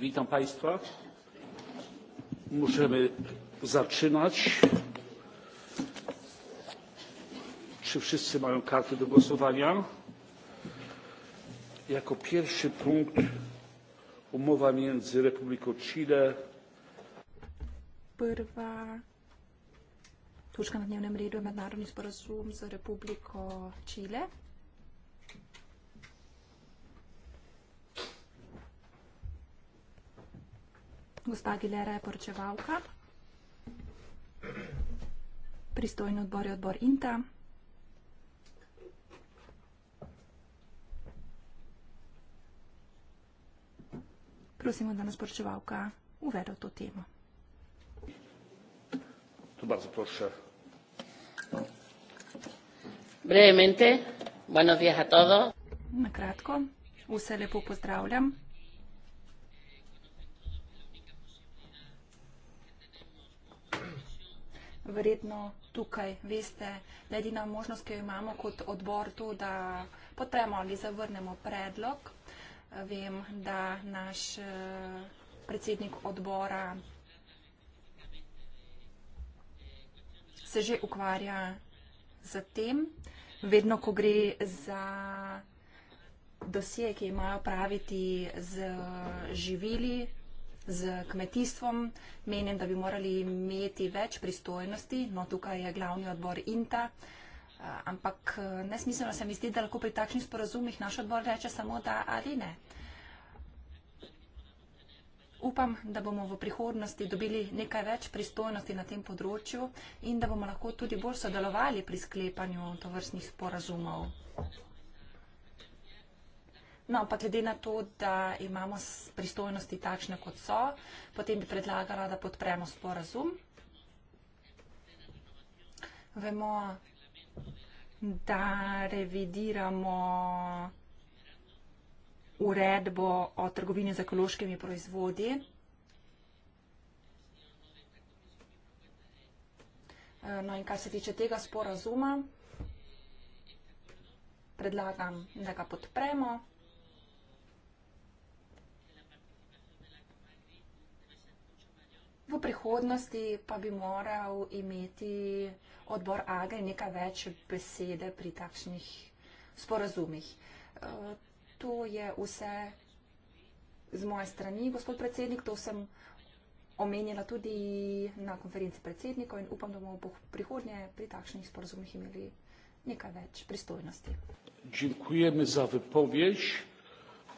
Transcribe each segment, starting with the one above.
witam państwa. Możemy zaczynać. Czy wszyscy mają karty do głosowania? Jako pierwszy punkt umowa między Republiką Chile. Pyrwa. Tuż na dniem rejdu Międzynarodowym z Republiką Chile. Gospa Gilera je poročevalka. Pristojni odbor je odbor INTA. Prosimo, da nas poročevalka uvede v to temo. Dobar zaprošče. Brevemente, buenos días a todos. Na kratko, vse lepo pozdravljam. verjetno tukaj, veste, da je edina možnost, ki jo imamo kot odbor, to, da podpremo ali zavrnemo predlog. Vem, da naš eh, predsednik odbora se že ukvarja z tem, vedno, ko gre za dosije, ki imajo praviti z eh, živili, z kmetijstvom. Menim, da bi morali imeti več pristojnosti, no tukaj je glavni odbor INTA, ampak nesmiselno se mi zdi, da lahko pri takšnih sporazumih naš odbor reče samo da ali ne. Upam, da bomo v prihodnosti dobili nekaj več pristojnosti na tem področju in da bomo lahko tudi bolj sodelovali pri sklepanju tovrstnih sporazumov. No, pa glede na to, da imamo pristojnosti takšne, kot so, potem bi predlagala, da podpremo sporazum. Vemo, da revidiramo uredbo o trgovini z ekološkimi proizvodi. No in kar se tiče tega sporazuma, predlagam, da ga podpremo. prihodnosti pa bi moral imeti odbor AGE nekaj več besede pri takšnih sporazumih. E, to je vse z moje strani, gospod predsednik, to sem omenjala tudi na konferenci predsednikov in upam, da bomo v prihodnje pri takšnih sporazumih imeli nekaj več pristojnosti. Dziękujemy za wypowiedź.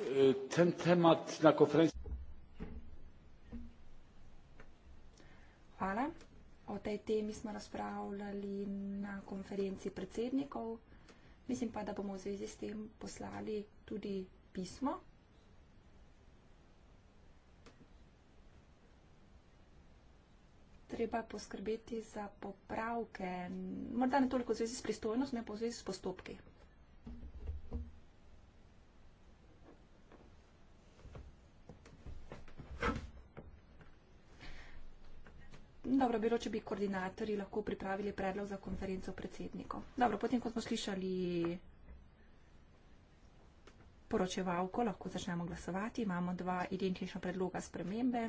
E, ten temat na konferencji. Hvala. O tej temi smo razpravljali na konferenci predsednikov. Mislim pa, da bomo v zvezi s tem poslali tudi pismo. Treba poskrbeti za popravke, morda ne toliko v zvezi s pristojnostmi, pa v zvezi s postopki. dobro bi bilo, če bi koordinatorji lahko pripravili predlog za konferenco predsednikov. Dobro, potem, ko smo slišali poročevalko, lahko začnemo glasovati. Imamo dva identična predloga spremembe.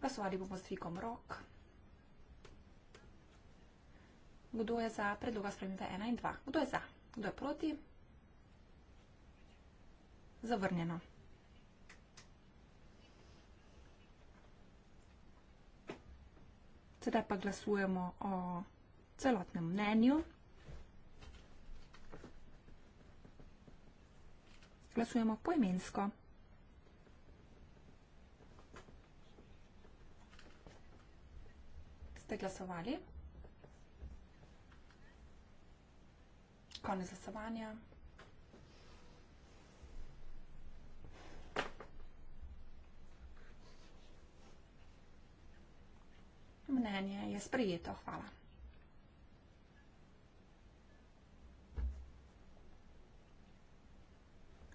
Glasovali bomo s dvigom rok. Kdo je za predloga spremembe 1 in 2? Kdo je za? Kdo je proti? Zavrnjeno. sedaj pa glasujemo o celotnem mnenju. Glasujemo poimensko. Ste glasovali? Konec glasovanja. Mnenje je sprejeto. Hvala.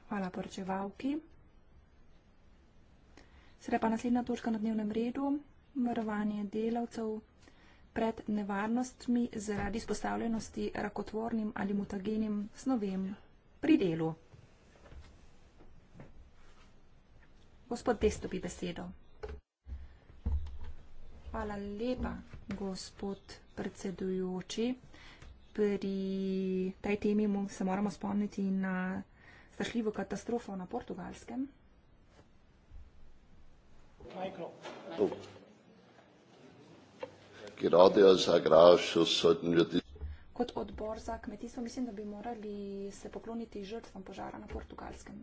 Hvala poročevalki. Sedaj pa naslednja točka na dnevnem redu. Varovanje delavcev pred nevarnostmi zaradi izpostavljenosti rakotvornim ali mutagenim snovem pri delu. Gospod Testo bi besedo. Hvala lepa, gospod predsedujoči. Pri tej temi se moramo spomniti na strašljivo katastrofo na portugalskem. Kot odbor za kmetijstvo mislim, da bi morali se pokloniti žrtvam požara na portugalskem.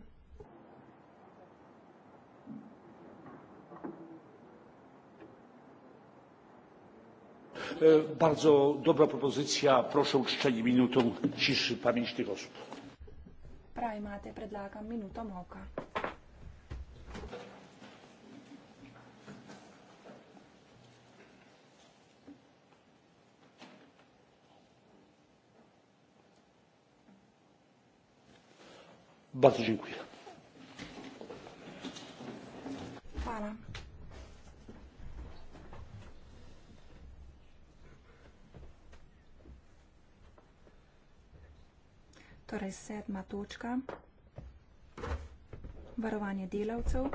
E, bardzo dobra propozycja proszę o uczczenie minutą ciszy pamięć tych osób Prajmaty predlagam minuto moka. Bardzo dziękuję. Hvala. torej sedma točka, varovanje delavcev.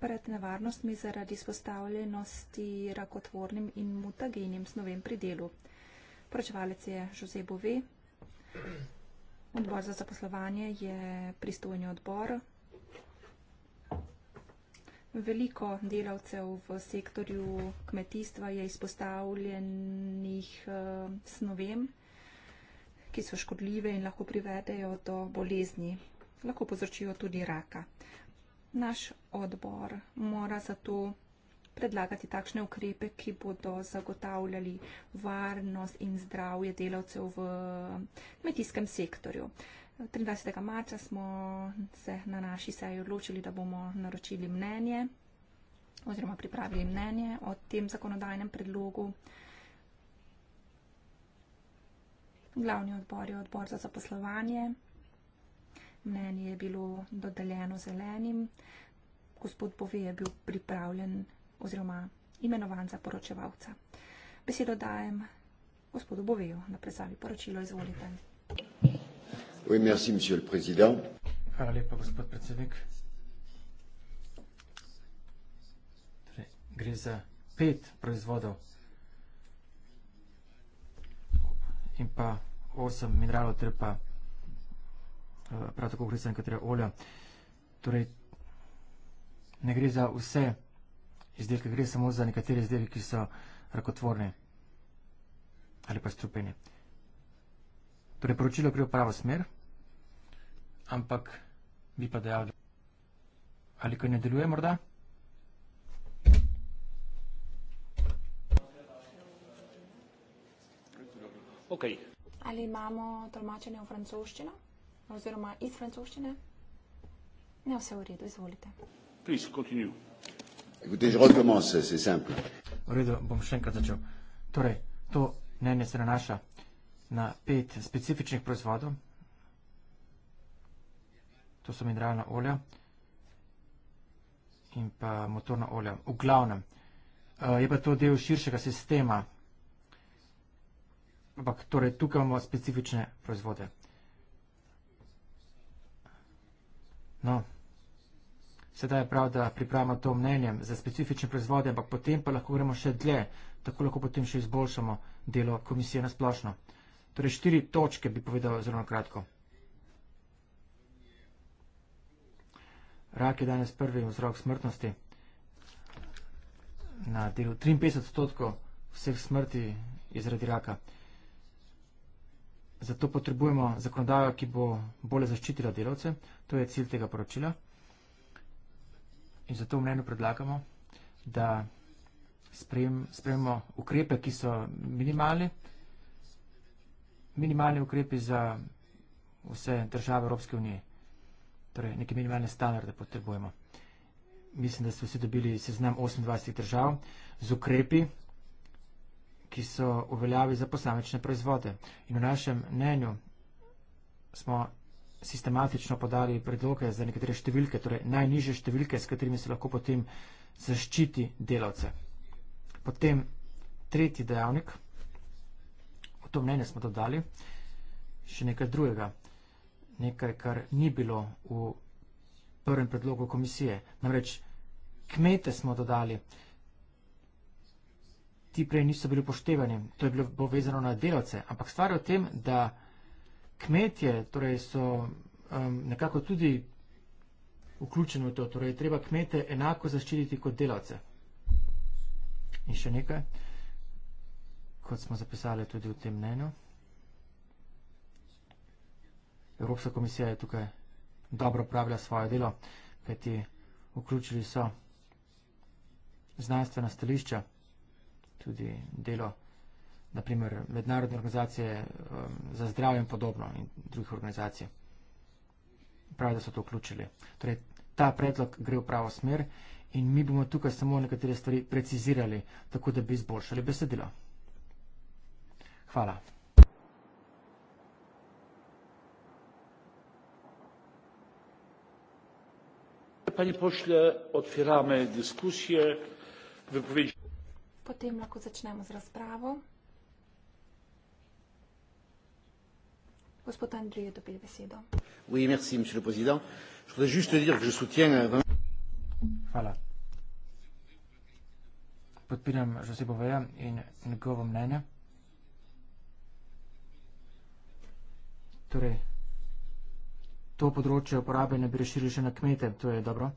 pred nevarnostmi zaradi izpostavljenosti rakotvornim in mutagenim snovem pri delu. Poročevalec je Jose Bove. Odbor za zaposlovanje je pristojni odbor, Veliko delavcev v sektorju kmetijstva je izpostavljenih eh, snovem, ki so škodljive in lahko privedejo do bolezni. Lahko povzročijo tudi raka. Naš odbor mora zato predlagati takšne ukrepe, ki bodo zagotavljali varnost in zdravje delavcev v kmetijskem sektorju. 23. marca smo se na naši seji odločili, da bomo naročili mnenje oziroma pripravili mnenje o tem zakonodajnem predlogu. Glavni odbor je odbor za zaposlovanje. Mnenje je bilo dodeljeno zelenim. Gospod Bove je bil pripravljen oziroma imenovan za poročevalca. Besedo dajem gospodu Boveju na predstavi poročilo. Izvolite. Oui, merci, Monsieur le Président. Hvala lepa, gospod predsednik. Torej, gre za pet proizvodov in pa osem mineralov, torej pa eh, prav tako gre za nekatera olja. Torej, ne gre za vse izdelke, gre samo za nekatere izdelke, ki so rakotvorne ali pa strupene. Torej, poročilo gre v pravo smer. Torej, poročilo gre v pravo smer ampak bi pa dejal, da ali kaj ne deluje morda. Okay. Ali imamo tolmačenje v francoščino oziroma iz francoščine? Ne, vse v redu, izvolite. V redu, bom še enkrat začel. Torej, to mnenje se nanaša na pet specifičnih proizvodov, to so mineralna olja in pa motorna olja. V glavnem, eh, je pa to del širšega sistema, ampak torej tukaj imamo specifične proizvode. No, sedaj je prav, da pripravimo to mnenje za specifične proizvode, ampak potem pa lahko gremo še dlje, tako lahko potem še izboljšamo delo komisije na splošno. Torej štiri točke bi povedal zelo kratko. Rak je danes prvi vzrok smrtnosti. Na delu 53 odstotkov vseh smrti je zaradi raka. Zato potrebujemo zakonodajo, ki bo bolje zaščitila delavce. To je cilj tega poročila. In zato mnenju predlagamo, da sprejmemo ukrepe, ki so minimalni. Minimalni ukrepi za vse države Evropske unije torej neke minimalne standarde potrebujemo. Mislim, da ste vsi dobili seznam 28 držav z ukrepi, ki so uveljavi za posamečne proizvode. In v našem mnenju smo sistematično podali predloge za nekatere številke, torej najniže številke, s katerimi se lahko potem zaščiti delavce. Potem tretji dejavnik, v to mnenje smo dodali, še nekaj drugega nekaj, kar ni bilo v prvem predlogu komisije. Namreč kmete smo dodali, ti prej niso bili upoštevani, to je bilo povezano na delavce, ampak stvar je v tem, da kmetje torej so um, nekako tudi vključeni v to, torej treba kmete enako zaščititi kot delavce. In še nekaj, kot smo zapisali tudi v tem mnenju. Evropska komisija je tukaj dobro pravila svoje delo, kajti vključili so znanstvena stališča, tudi delo, naprimer, mednarodne organizacije um, za zdravje in podobno in drugih organizacij. Pravi, da so to vključili. Torej, ta predlog gre v pravo smer in mi bomo tukaj samo nekatere stvari precizirali, tako da bi izboljšali besedilo. Hvala. panie pośle, otwieramy dyskusję. Wypowiedzi... Po tym roku zaczynamy z rozprawą. Gospod Andrzej, to pierwsze siedzą. Oui, merci, monsieur le président. Je voudrais juste dire que je soutiens... Voilà. Podpinam José Bovea i njegovo mnenje. Torej, to področje uporabe ne bi razširili še na kmete, to je dobro.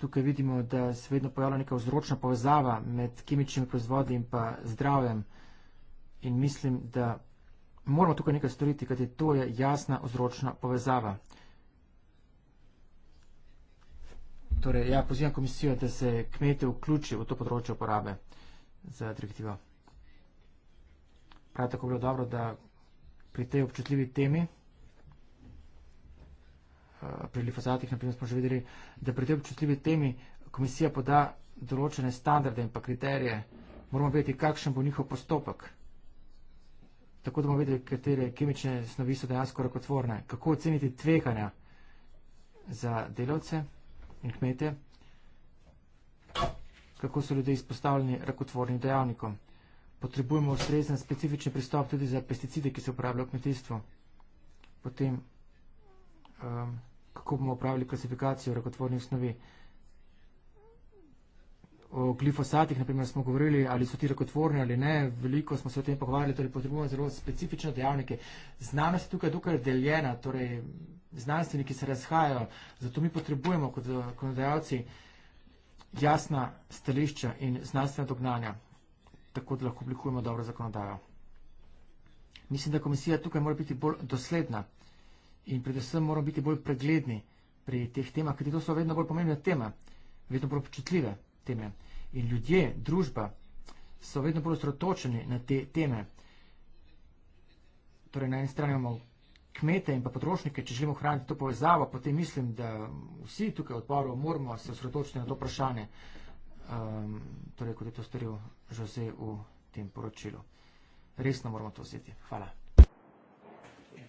Tukaj vidimo, da se vedno pojavlja neka vzročna povezava med kemičnimi proizvodi in pa zdravjem. In mislim, da moramo tukaj nekaj storiti, kajti to je jasna vzročna povezava. Torej, ja, pozivam komisijo, da se kmete vključi v to področje uporabe za direktivo. Prav tako bilo dobro, da pri tej občutljivi temi, eh, pri glifosatih, naprimer, smo že videli, da pri tej občutljivi temi komisija poda določene standarde in pa kriterije. Moramo vedeti, kakšen bo njihov postopek. Tako da bomo vedeli, katere kemične snovi so dejansko rakotvorne. Kako oceniti tveganja za delavce in kmete, kako so ljudje izpostavljeni rakotvornim dejavnikom potrebujemo ustrezen specifičen pristop tudi za pesticide, ki se uporabljajo v kmetijstvu. Potem, um, kako bomo upravili klasifikacijo rakotvornih snovi. O glifosatih, naprimer, smo govorili, ali so ti rakotvorni ali ne, veliko smo se o tem pogovarjali, torej potrebujemo zelo specifične dejavnike. Znanost je tukaj dokaj deljena, torej znanstveniki se razhajajo, zato mi potrebujemo kot zakonodajalci jasna stališča in znanstvena dognanja tako da lahko oblikujemo dobro zakonodajo. Mislim, da komisija tukaj mora biti bolj dosledna in predvsem moramo biti bolj pregledni pri teh temah, ker to so vedno bolj pomembne teme, vedno bolj počutljive teme. In ljudje, družba so vedno bolj ostrotočeni na te teme. Torej, na eni strani imamo kmete in pa potrošnike, če želimo hraniti to povezavo, potem mislim, da vsi tukaj odboru moramo se osredotočiti na to vprašanje, um, torej, kot je to storil Jose v tem poročilu. Resno moramo to vzeti. Hvala. E,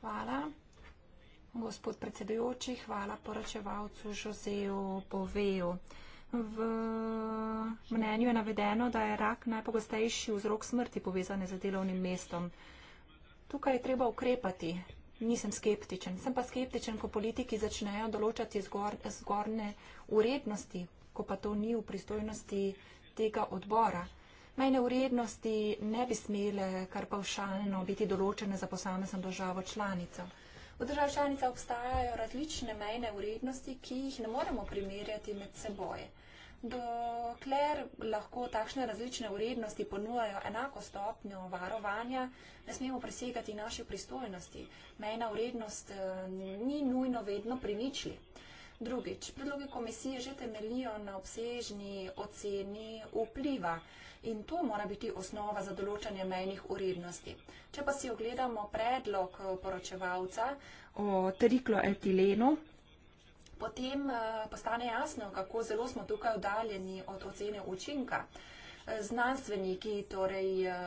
hvala. Gospod predsedujoči, hvala poročevalcu Joseju Boveju. V mnenju je navedeno, da je rak najpogostejši vzrok smrti povezane z delovnim mestom tukaj je treba ukrepati. Nisem skeptičen. Sem pa skeptičen, ko politiki začnejo določati zgor, zgorne urednosti, ko pa to ni v pristojnosti tega odbora. Majne urednosti ne bi smele kar pavšalno biti določene za posamezno državo članico. V državah članicah obstajajo različne majne urednosti, ki jih ne moremo primerjati med seboj. Dokler lahko takšne različne vrednosti ponujajo enako stopnjo varovanja, ne smemo presegati naše pristojnosti. Mejna vrednost eh, ni nujno vedno pri ničli. Drugič, predloge komisije že temelijo na obsežni oceni vpliva in to mora biti osnova za določanje mejnih urednosti. Če pa si ogledamo predlog eh, poročevalca o trikloetilenu, potem eh, postane jasno, kako zelo smo tukaj oddaljeni od ocene učinka. Eh, znanstveniki, torej eh,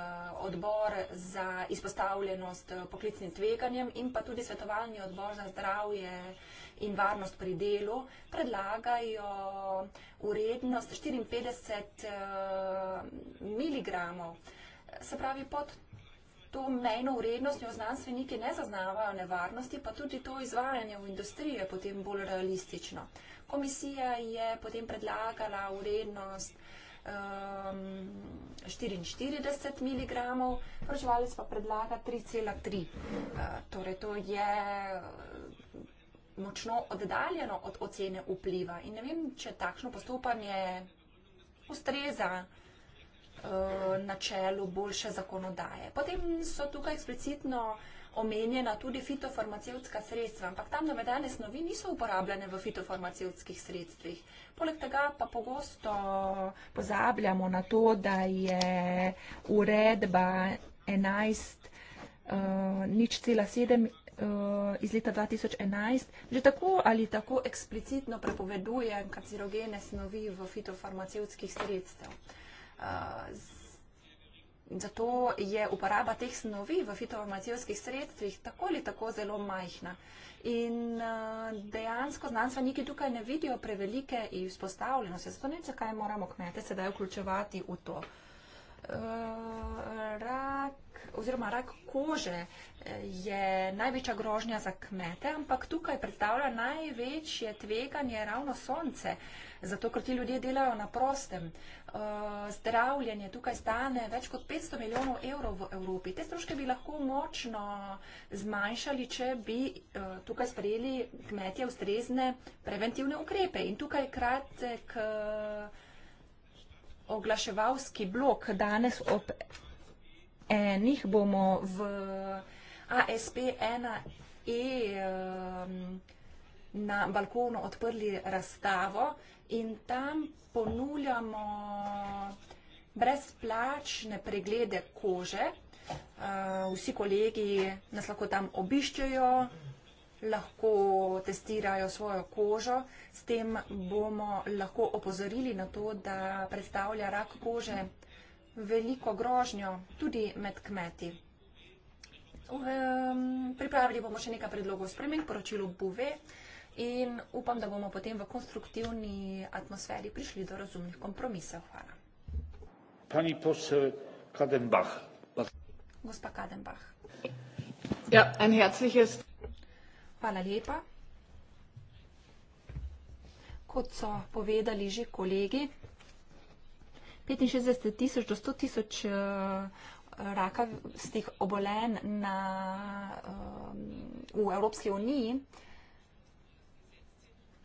odbor za izpostavljenost poklicnim tveganjem in pa tudi svetovalni odbor za zdravje in varnost pri delu predlagajo urednost 54 mg. Se pravi, pod to mejno vrednostjo znanstveniki ne zaznavajo nevarnosti, pa tudi to izvajanje v industriji je potem bolj realistično. Komisija je potem predlagala vrednost um, 44 mg, proživalec pa predlaga 3,3. Uh, torej to je uh, močno oddaljeno od ocene vpliva in ne vem, če takšno postopanje ustreza. Eh, načelu boljše zakonodaje. Potem so tukaj eksplicitno omenjena tudi fitofarmacevtska sredstva, ampak tam navedene snovi niso uporabljene v fitofarmacevtskih sredstvih. Poleg tega pa pogosto pozabljamo na to, da je uredba 11, uh, eh, nič cela sedem uh, iz leta 2011 že tako ali tako eksplicitno prepoveduje kancerogene snovi v fitofarmacevtskih sredstvih. Zato je uporaba teh snovi v fitofarmacijskih sredstvih tako ali tako zelo majhna. In dejansko znanstveniki tukaj ne vidijo prevelike izpostavljenosti. Zato ne vem, zakaj moramo kmete sedaj vključevati v to. E, rak, oziroma rak kože e, je največja grožnja za kmete, ampak tukaj predstavlja največje tveganje ravno sonce zato ker ti ljudje delajo na prostem. Eh, zdravljenje tukaj stane več kot 500 milijonov evrov v Evropi. Te stroške bi lahko močno zmanjšali, če bi eh, tukaj sprejeli kmetje ustrezne preventivne ukrepe. In tukaj kratek eh, oglaševalski blok danes ob enih bomo v ASP1E na balkonu odprli razstavo in tam ponujamo brezplačne preglede kože. Eh, vsi kolegi nas lahko tam obiščajo, lahko testirajo svojo kožo. S tem bomo lahko opozorili na to, da predstavlja rak kože veliko grožnjo tudi med kmeti. Pripravili bomo še nekaj predlogov spremenj, poročilo BUVE in upam, da bomo potem v konstruktivni atmosferi prišli do razumnih kompromisov. Hvala. Pani posel Kadenbach. Gospa Kadenbach. Ja, en herzlich jest. Hvala lepa. Kot so povedali že kolegi, 65 tisoč do 100 tisoč eh, rakavstih obolen na, eh, v Evropski uniji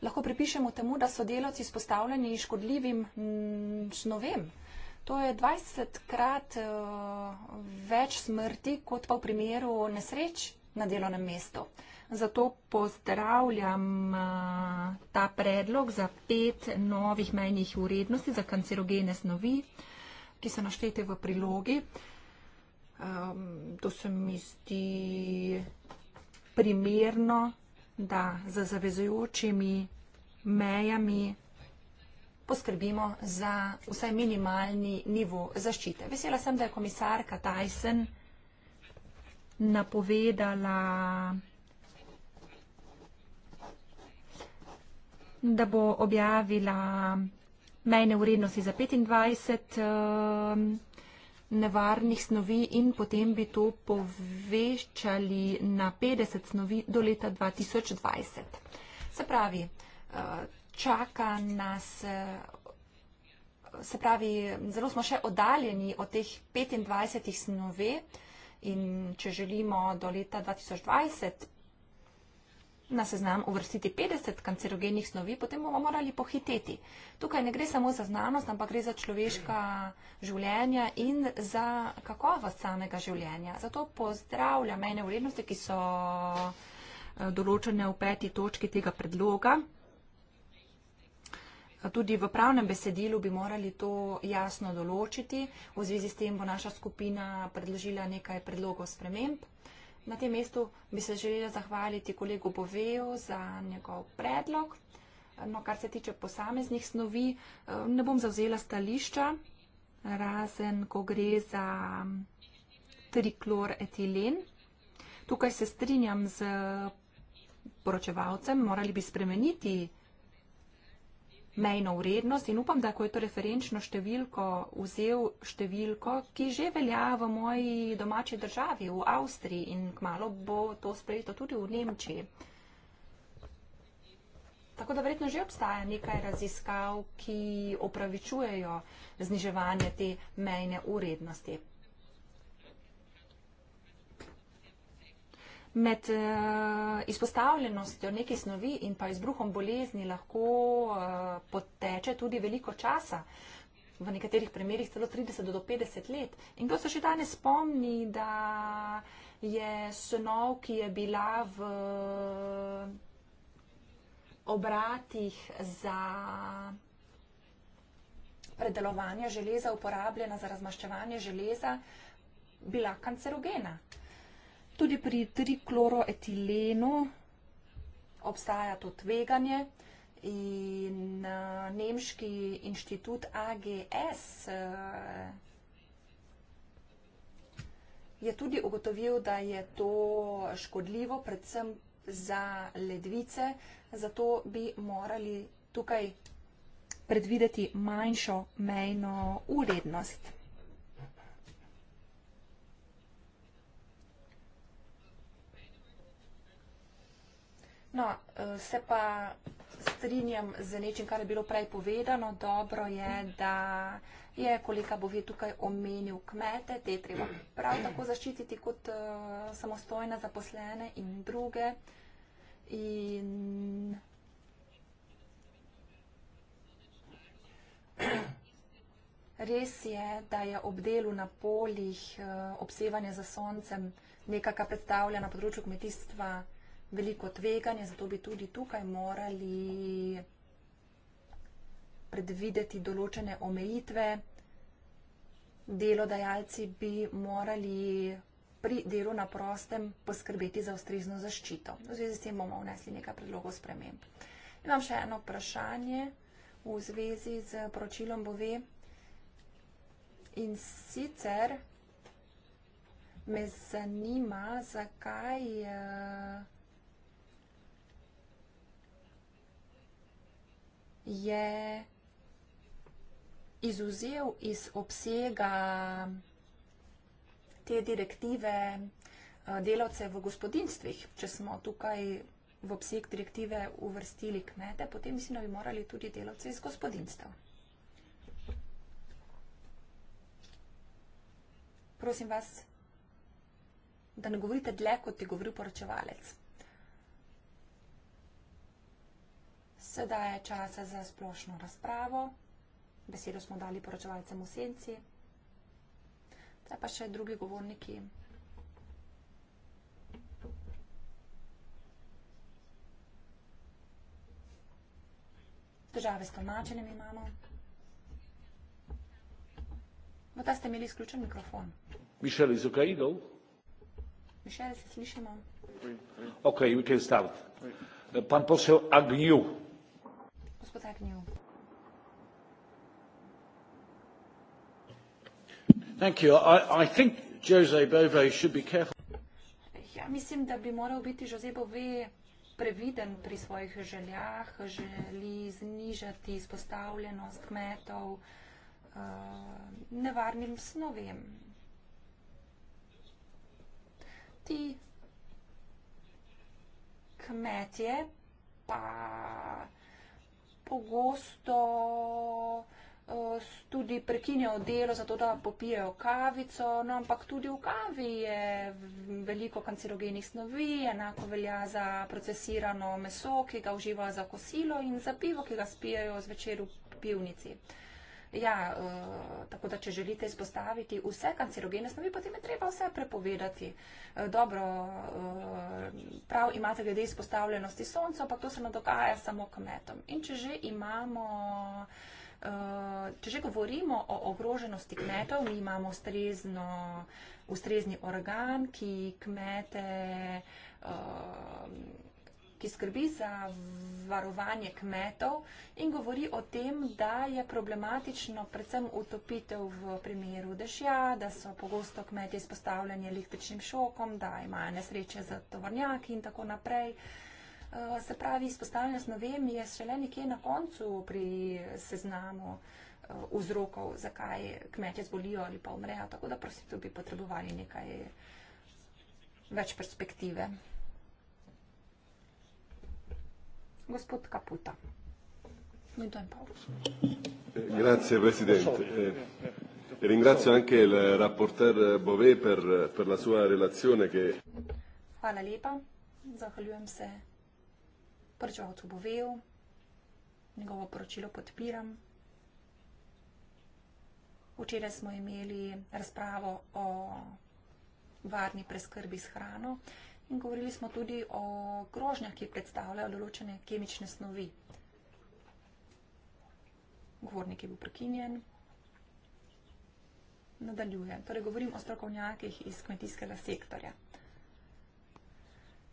lahko pripišemo temu, da so delavci izpostavljeni škodljivim mm, snovem. To je 20 krat eh, več smrti, kot pa v primeru nesreč na delovnem mestu. Zato pozdravljam eh, ta predlog za pet novih menjih urednosti za kancerogene snovi, ki so naštete v prilogi. Ehm, to se mi zdi primerno, da z zavezujočimi mejami poskrbimo za vsaj minimalni nivo zaščite. Vesela sem, da je komisarka Tyson napovedala, da bo objavila mejne urednosti za 25. Uh, eh, nevarnih snovi in potem bi to povečali na 50 snovi do leta 2020. Se pravi, eh, čaka nas, eh, se pravi, zelo smo še oddaljeni od teh 25 snovi in če želimo do leta 2020 na seznam uvrstiti 50 kancerogenih snovi, potem bomo morali pohiteti. Tukaj ne gre samo za znanost, ampak gre za človeška življenja in za kakovost samega življenja. Zato pozdravlja mejne vrednosti, ki so eh, določene v peti točki tega predloga. Tudi v pravnem besedilu bi morali to jasno določiti. V zvezi s tem bo naša skupina predložila nekaj predlogov sprememb. Na tem mestu bi se želela zahvaliti kolegu Boveju za njegov predlog. No, kar se tiče posameznih snovi, eh, ne bom zauzela stališča, razen ko gre za trikloretilen. Tukaj se strinjam z poročevalcem, morali bi spremeniti mejno vrednost in upam, da ko je to referenčno številko vzel številko, ki že velja v moji domači državi, v Avstriji in kmalo bo to sprejeto tudi v Nemčiji. Tako da verjetno že obstaja nekaj raziskav, ki opravičujejo zniževanje te mejne urednosti. med uh, izpostavljenostjo neke snovi in pa izbruhom bolezni lahko uh, poteče tudi veliko časa, v nekaterih primerjih celo 30 do 50 let. In kdo se še danes spomni, da je snov, ki je bila v obratih za predelovanje železa, uporabljena za razmaščevanje železa, bila kancerogena. Uh, Tudi pri trikloroetilenu obstaja to tveganje in eh, Nemški inštitut AGS eh, je tudi ugotovil, da je to škodljivo, predvsem za ledvice, zato bi morali tukaj predvideti manjšo mejno urednost. Absolutno eh, se pa strinjam z nečim, kar je bilo prej povedano. Dobro je, da je kolega Bovje tukaj omenil kmete, te treba prav tako zaščititi kot eh, samostojne zaposlene in druge. In Res je, da je ob delu na poljih eh, obsevanje za soncem nekaj, kar predstavlja na področju kmetijstva veliko tveganje, zato bi tudi tukaj morali predvideti določene omejitve. Delodajalci bi morali pri delu na prostem poskrbeti za ustrezno zaščito. V zvezi s tem bomo vnesli nekaj predlogov sprememb. Imam še eno vprašanje v zvezi z poročilom Bove. In sicer me zanima, zakaj. Uh, je izuzel iz obsega te direktive eh, delavce v gospodinstvih, če smo tukaj v obseg direktive uvrstili kmete, potem mislim, da bi morali tudi delavce iz gospodinstv. Prosim vas, da ne govorite dlje, kot je govoril poročevalec. Sedaj je čas za splošno razpravo. Besedo smo dali poročevalcem v senci. Zdaj pa še drugi govorniki. Države s tolmačenjem imamo. No, ta ste imeli izključen mikrofon. Mišel iz Ukrajinov. Mišel, se slišimo. Ok, we can start. Pan posel Agnjuv gospod Agnew. Thank you. I, I think Jose Bove should be careful. Ja, mislim, da bi moral biti Jose Bove previden pri svojih željah, želi znižati izpostavljenost kmetov uh, nevarnim snovem. Ti kmetje pa pogosto eh, tudi prekinjajo delo, zato da popijajo kavico, no, ampak tudi v kavi je veliko kancerogenih snovi, enako velja za procesirano meso, ki ga uživa za kosilo in za pivo, ki ga spijajo zvečer v pivnici. Uh, Ja, uh, tako da če želite izpostaviti vse kancerogene snovi, potem je treba vse prepovedati. Uh, dobro, uh, prav imate glede izpostavljenosti soncu, ampak to se ne dogaja samo kmetom. In če že imamo. Če že govorimo o ogroženosti kmetov, mi imamo ustrezno, ustrezni organ, ki kmete. Uh, ki skrbi za varovanje kmetov in govori o tem, da je problematično predvsem utopitev v primeru dešja, da so pogosto kmeti izpostavljeni električnim šokom, da imajo nesreče za tovornjaki in tako naprej. Eh, se pravi, izpostavljenost novem je šele nekje na koncu pri seznamu eh, vzrokov, zakaj kmetje zbolijo ali pa umrejo. Tako da prosim, tu bi potrebovali nekaj več perspektive. gospod Caputa. Grazie Presidente. E ringrazio anche il rapporteur Bovet per, per la sua relazione che... Hvala lepa. Zahvaljujem se poročevalcu Boveju. Njegovo poročilo podpiram. Včeraj smo imeli razpravo o varni preskrbi s hrano. In govorili smo tudi o grožnjah, ki predstavljajo določene kemične snovi. Govornik je bil prekinjen. Nadaljujem. Torej, govorim o strokovnjakih iz kmetijskega sektorja.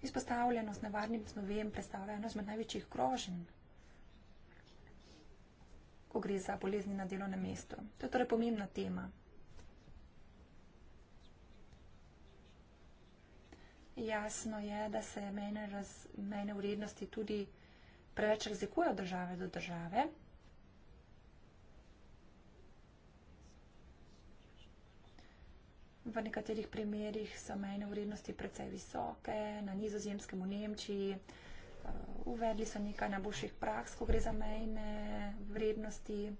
Izpostavljenost nevarnim snovem predstavlja eno izmed največjih groženj, ko gre za bolezni na delovnem mestu. To je torej pomembna tema. Jasno je, da se mejne, raz, mejne vrednosti tudi preveč razlikujejo od države do države. V nekaterih primerjih so mejne vrednosti precej visoke, na nizozemskem v Nemčiji. Eh, uvedli so nekaj najboljših praks, ko gre za mejne vrednosti.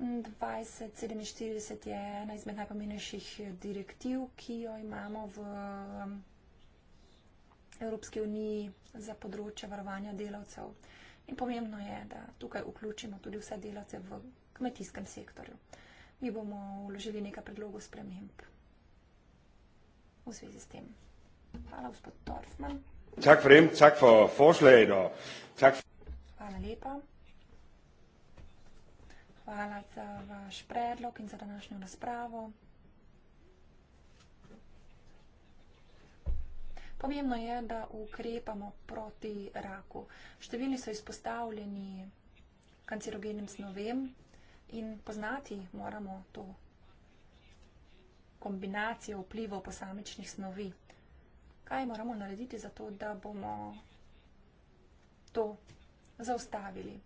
2047 je ena izmed najpomembnejših direktiv, ki jo imamo v um, Evropske uniji za področje varovanja delavcev. In pomembno je, da tukaj vključimo tudi vse delavce v kmetijskem sektorju. Mi bomo uložili nekaj predlogov sprememb v zvezi s tem. Hvala, gospod Torfman. Tak for dem, tak for forslaget og tak for... Hvala lepa hvala za vaš predlog in za današnjo razpravo. Pomembno je, da ukrepamo proti raku. Številni so izpostavljeni kancerogenim snovem in poznati moramo to kombinacijo vplivov posamičnih snovi. Kaj moramo narediti za to, da bomo to zaustavili?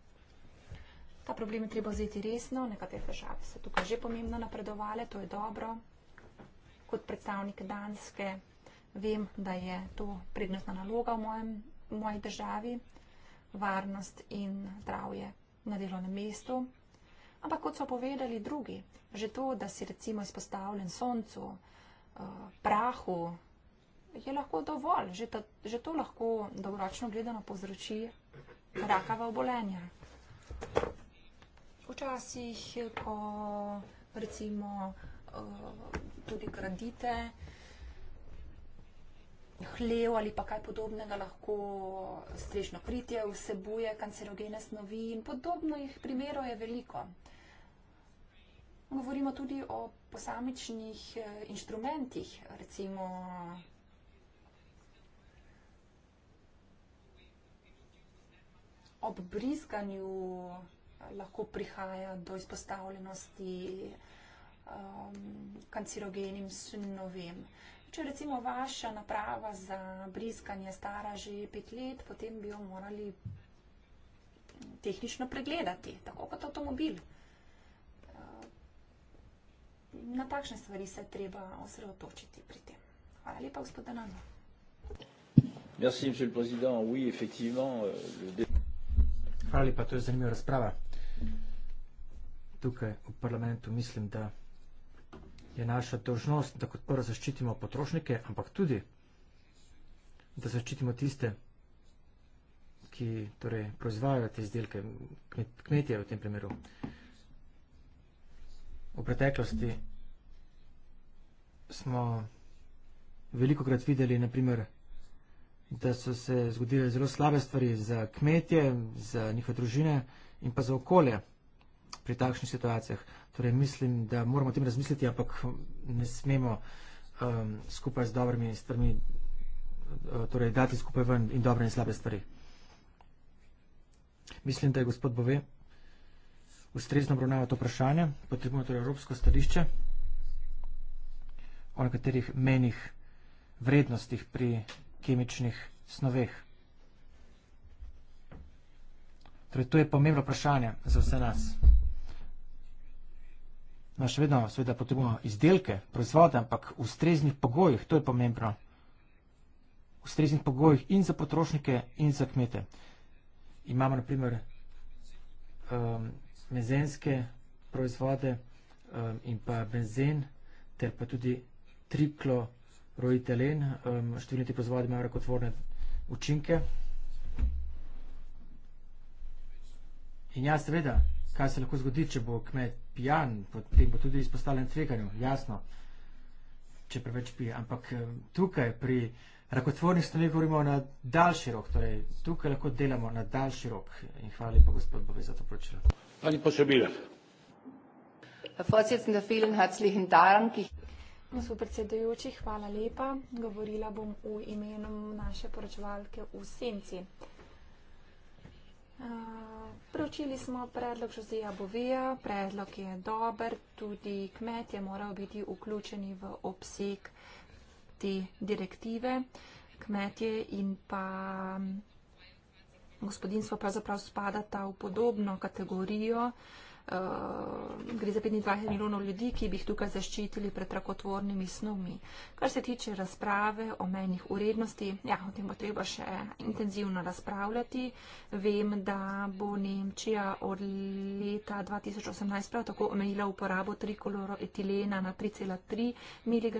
Ta problem je treba vzeti resno, nekatere države so tukaj že pomembno napredovale, to je dobro. Kot predstavnik Danske vem, da je to prednostna naloga v, mojem, v moji državi, varnost in zdravje na delovnem mestu. Ampak kot so povedali drugi, že to, da si recimo izpostavljen soncu, eh, prahu, je lahko dovolj, že, ta, že to lahko dolgoročno gledano povzroči rakava obolenja včasih, ko recimo eh, tudi gradite hlev ali pa kaj podobnega, lahko strešno kritje vsebuje kancerogene snovi in podobno jih primerov je veliko. Govorimo tudi o posamičnih eh, inštrumentih, recimo ob brizganju vsebuje lahko prihaja do izpostavljenosti um, kancerogenim snovem. Če recimo vaša naprava za briskanje stara že pet let, potem bi jo morali tehnično pregledati, tako kot avtomobil. Na takšne stvari se treba osredotočiti pri tem. Hvala lepa, gospod Danano. Merci, monsieur le président. Oui, effectivement. Euh, le... Hvala lepa, to je zanimiva razprava tukaj v parlamentu mislim, da je naša dožnost, da kot prvo zaščitimo potrošnike, ampak tudi, da zaščitimo tiste, ki torej, proizvajajo te izdelke, kmetije v tem primeru. V preteklosti smo veliko krat videli, naprimer, da so se zgodile zelo slabe stvari za kmetje, za njihove družine, in pa za okolje pri takšnih situacijah. Torej, mislim, da moramo o tem razmisliti, ampak ne smemo um, skupaj z dobrimi stvarmi, uh, torej dati skupaj ven in dobre in slabe stvari. Mislim, da je gospod Bove ustrezno obravnaval to vprašanje, potrebujemo torej evropsko stališče o nekaterih menih vrednostih pri kemičnih snoveh. Torej, to je pomembno vprašanje za vse nas. No, še vedno seveda potrebujemo izdelke, proizvode, ampak v streznih pogojih, to je pomembno. V streznih pogojih in za potrošnike in za kmete. Imamo naprimer um, mezenske proizvode um, in pa benzen ter pa tudi triklo rojitelen. Um, Številni ti proizvodi imajo rakotvorne učinke. In ja, seveda, kaj se lahko zgodi, če bo kmet pijan, potem bo tudi izpostavljen tveganju, jasno, če preveč pije. Ampak eh, tukaj pri rakotvornih stvareh govorimo na daljši rok, torej tukaj lahko delamo na daljši rok. In hvala lepa, gospod Bove, za to poročilo. Ali pa še bile? Gospod predsedujoči, hvala lepa. Govorila bom v imenu naše poročevalke v Senci. Preučili smo predlog Žozeja Bovija, predlog je dober, tudi kmetje morajo biti vključeni v obseg te direktive. Kmetje in pa gospodinstvo pravzaprav spadata v podobno kategorijo. Uh, uh, gre za 25 milijonov ljudi, ki bi jih tukaj zaščitili pred rakotvornimi snovmi. Kar se tiče razprave o menjih urednosti, ja, o tem bo treba še intenzivno razpravljati. Vem, da bo Nemčija od leta 2018 prav tako omejila uporabo trikoloroetilena na 3,3 mg,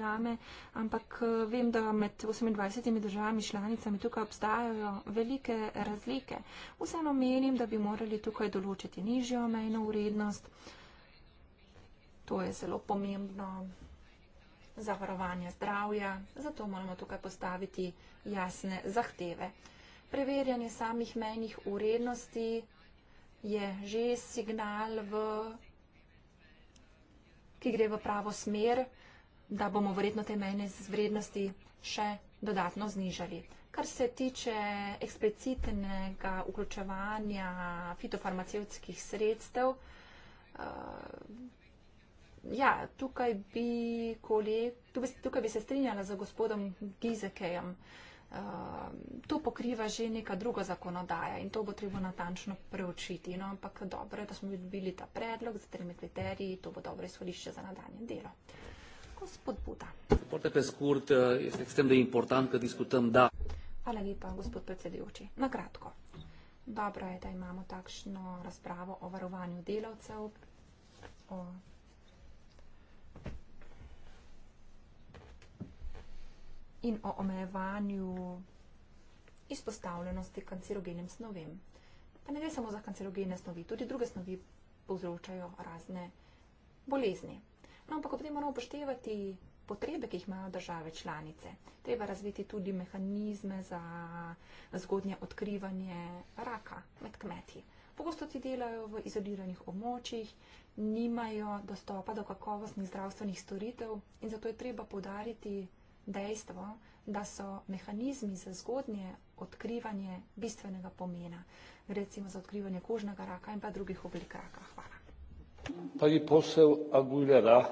ampak eh, vem, da med 28 državami članicami tukaj obstajajo velike razlike. Vseeno menim, da bi morali tukaj določiti nižjo mejno urednost invalidnost. To je zelo pomembno. Zavarovanje zdravja, zato moramo tukaj postaviti jasne zahteve. Preverjanje samih menjih urednosti je že signal, v, ki gre v pravo smer, da bomo verjetno te menje z vrednosti še dodatno znižali. Kar se tiče eksplicitnega vključevanja fitofarmacevskih sredstev, Uh, ja, tukaj bi, koleg, tukaj, tukaj bi se strinjala z gospodom Gizekejem. Uh, to pokriva že neka druga zakonodaja in to bo treba natančno preučiti. No, ampak dobro je, da smo dobili ta predlog za tremi kriteriji, to bo dobro izhodišče za nadaljne delo. Gospod Buda. Hvala lepa, gospod predsedujoči. Na kratko dobro je, da imamo takšno razpravo o varovanju delavcev. O in o omejevanju izpostavljenosti kancerogenim snovem. Pa ne gre samo za kancerogene snovi, tudi druge snovi povzročajo razne bolezni. No, ampak potem moramo upoštevati potrebe, ki jih imajo države članice. Treba razviti tudi mehanizme za zgodnje odkrivanje raka med kmeti. Pogosto ti delajo v izoliranih območjih, nimajo dostopa do kakovostnih zdravstvenih storitev in zato je treba podariti dejstvo, da so mehanizmi za zgodnje odkrivanje bistvenega pomena, recimo za odkrivanje kožnega raka in pa drugih oblik raka. Hvala. Pa je posel Aguilera.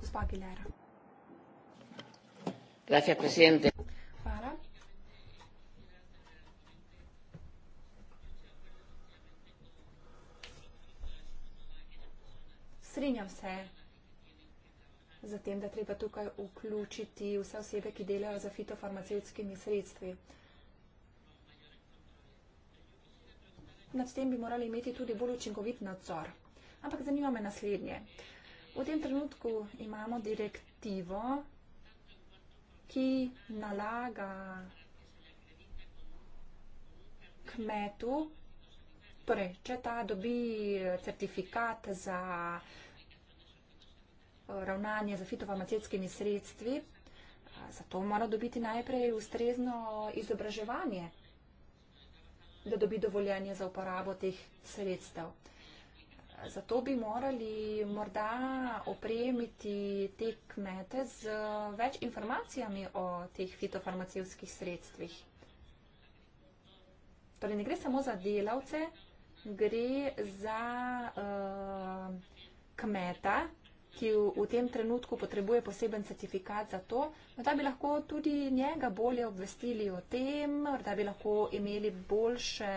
Gospa Aguilera. Hvala. Strinjam se z tem, da je treba tukaj vključiti vse osebe, ki delajo za fitofarmacevtskimi sredstvi. Nad tem bi morali imeti tudi bolj učinkovit nadzor. Ampak zanima me naslednje. Uh, V tem trenutku imamo direktivo, ki nalaga kmetu, torej, če ta dobi certifikat za eh, ravnanje za fitofarmacijskimi sredstvi, eh, zato mora dobiti najprej ustrezno izobraževanje, da dobi dovoljenje za uporabo teh sredstev. Zato bi morali morda opremiti te kmete z več informacijami o teh fitofarmacijskih sredstvih. Torej ne gre samo za delavce, gre za uh, kmeta, ki v, v tem trenutku potrebuje poseben certifikat za to, da bi lahko tudi njega bolje obvestili o tem, da bi lahko imeli boljše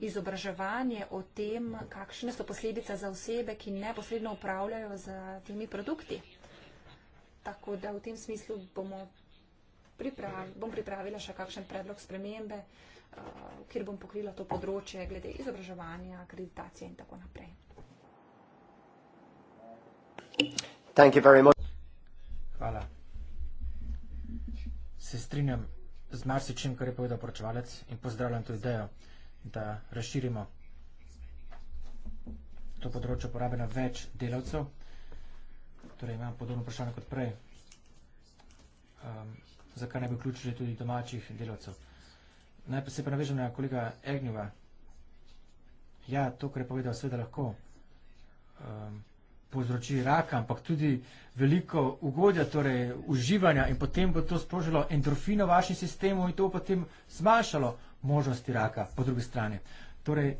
izobraževanje o tem, kakšne so posledice za osebe, ki neposredno upravljajo z temi produkti. Tako da v tem smislu bomo pripravi, bom pripravila še kakšen predlog spremembe, eh, kjer bom pokrila to področje glede izobraževanja, akreditacije in tako naprej. Hvala. Se strinjam z marsičim, kar je povedal poročevalec in pozdravljam to idejo da razširimo to področje uporabe na več delavcev. Torej imam podobno vprašanje kot prej, um, zakaj ne bi vključili tudi domačih delavcev. Najprej se pa navežem na kolega Egnjova. Ja, to, kar je povedal, sveda lahko vprašanje, um, povzroči raka, ampak tudi veliko ugodja, torej uživanja in potem bo to sprožilo endorfino v vašem sistemu in to bo potem zmanjšalo možnosti raka po drugi strani. Torej,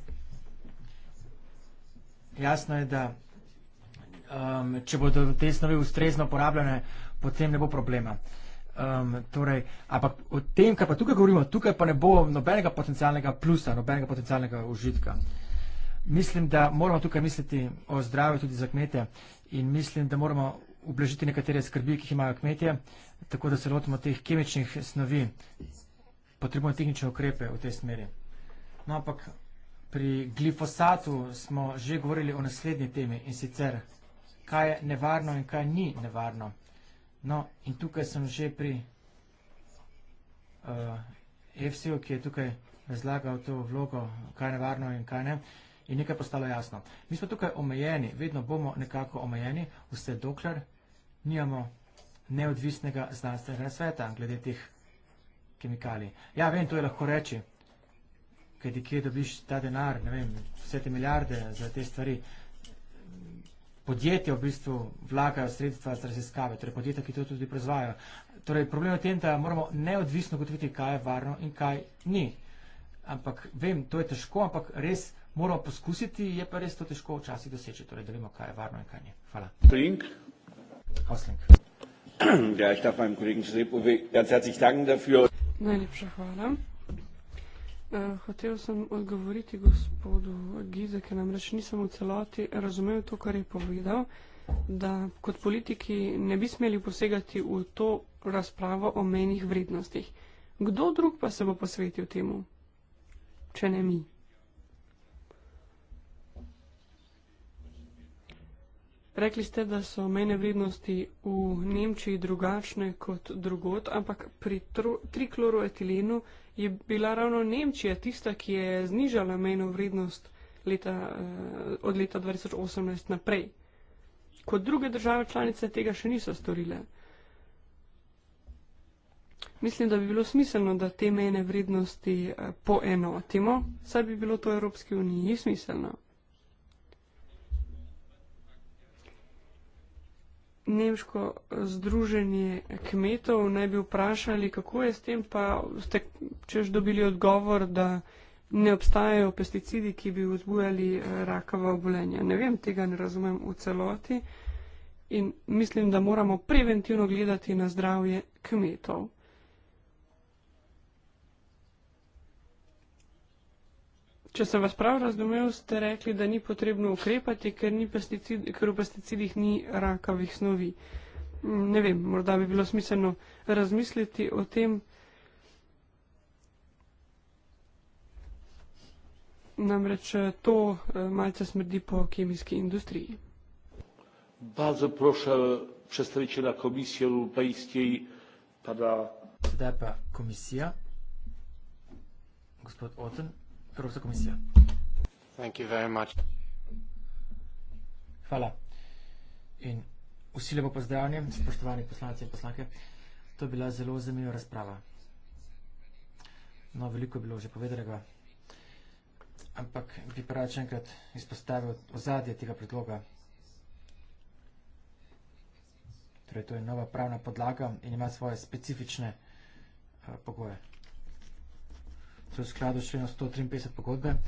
jasno je, da um, če bodo te snovi ustrezno uporabljene, potem ne bo problema. Um, torej, ampak o tem, kar pa tukaj govorimo, tukaj pa ne bo nobenega potencialnega plusa, nobenega potencialnega užitka mislim, da moramo tukaj misliti o zdravju tudi za kmete in mislim, da moramo obležiti nekatere skrbi, ki jih imajo kmetje, tako da se lotimo teh kemičnih snovi, potrebujemo tehnične ukrepe v tej smeri. No, ampak pri glifosatu smo že govorili o naslednji temi in sicer, kaj je nevarno in kaj ni nevarno. No, in tukaj sem že pri uh, eh, EFSI-u, ki je tukaj razlagal to vlogo, kaj je nevarno in kaj ne. Uh, je nekaj postalo jasno. Mi smo tukaj omejeni, vedno bomo nekako omejeni, vse dokler nimamo neodvisnega znanstvenega sveta glede teh kemikalij. Ja, vem, to je lahko reči, kaj ti kje dobiš ta denar, ne vem, vse te milijarde za te stvari. Podjetje v bistvu vlagajo sredstva za raziskave, torej podjetja, ki to tudi proizvajajo. Torej, problem je v tem, da moramo neodvisno gotoviti, kaj je varno in kaj ni. Ampak vem, to je težko, ampak res moral poskusiti, je pa res to težko včasih doseči. Torej, da vemo, kaj je varno in kaj ni. Hvala. Hosling. Hosling. Ja, ich darf meinem Kollegen Schlepo ganz herzlich danken dafür. Najlepša hvala. Uh, hotel sem odgovoriti gospodu Gize, ker namreč nisem v celoti razumel to, kar je povedal, da kot politiki ne bi smeli posegati v to razpravo o menih vrednostih. Kdo drug pa se bo posvetil temu, če ne mi? Rekli ste, da so mejne vrednosti v Nemčiji drugačne kot drugot, ampak pri trikloroetilenu je bila ravno Nemčija tista, ki je znižala mejno vrednost leta, eh, od leta 2018 naprej. Kot druge države članice tega še niso storile. Mislim, da bi bilo smiselno, da te mejne vrednosti eh, poenotimo, saj bi bilo to Evropski uniji smiselno. nemško združenje kmetov naj bi vprašali, kako je s tem, pa ste češ dobili odgovor, da ne obstajajo pesticidi, ki bi vzbujali eh, rakava obolenja. Ne vem, tega ne razumem v celoti in mislim, da moramo preventivno gledati na zdravje kmetov. Če sem vas prav razumel, ste rekli, da ni potrebno ukrepati, ker, pesticid, ker v pesticidih ni rakavih snovi. Ne vem, morda bi bilo smiselno razmisliti o tem. Namreč eh, to eh, malce smrdi po kemijski industriji. Bardzo proša predstavitelja Komisije Evropske pa da. Sedaj pa komisija. Gospod Oten. Evropska komisija. Hvala. In vsi lepo pozdravljeni, spoštovani poslanci in poslanke. To je bila zelo zanimiva razprava. No, veliko je bilo že povedanega, ampak bi pa rad še enkrat izpostavil ozadje tega predloga. Torej, to je nova pravna podlaga in ima svoje specifične uh, pogoje so v skladu s členom 153 pogodbe.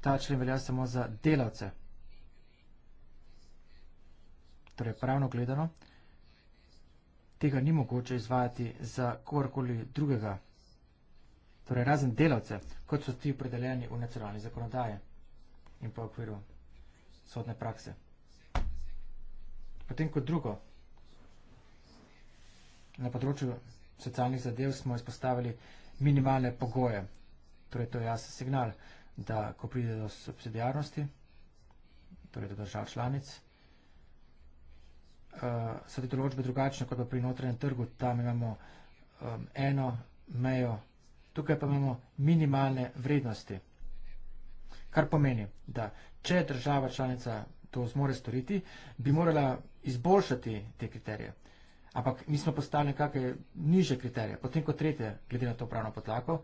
Ta člen velja samo za delavce. Torej, pravno gledano, tega ni mogoče izvajati za kogarkoli drugega. Torej, razen delavce, kot so ti opredeljeni v nacionalni zakonodaji in po okviru sodne prakse. Potem kot drugo, na področju socialnih zadev smo izpostavili minimalne pogoje. Torej, to je jasen signal, da ko pride do subsidijarnosti, torej do držav članic, eh, so te določbe drugačne kot pa pri notranjem trgu. Tam imamo eno mejo, tukaj pa imamo minimalne vrednosti. Kar pomeni, da če država članica to zmore storiti, bi morala izboljšati te kriterije. Ampak mi smo postavili nekakšne niže kriterije. Potem kot tretje, glede na to pravno potlako,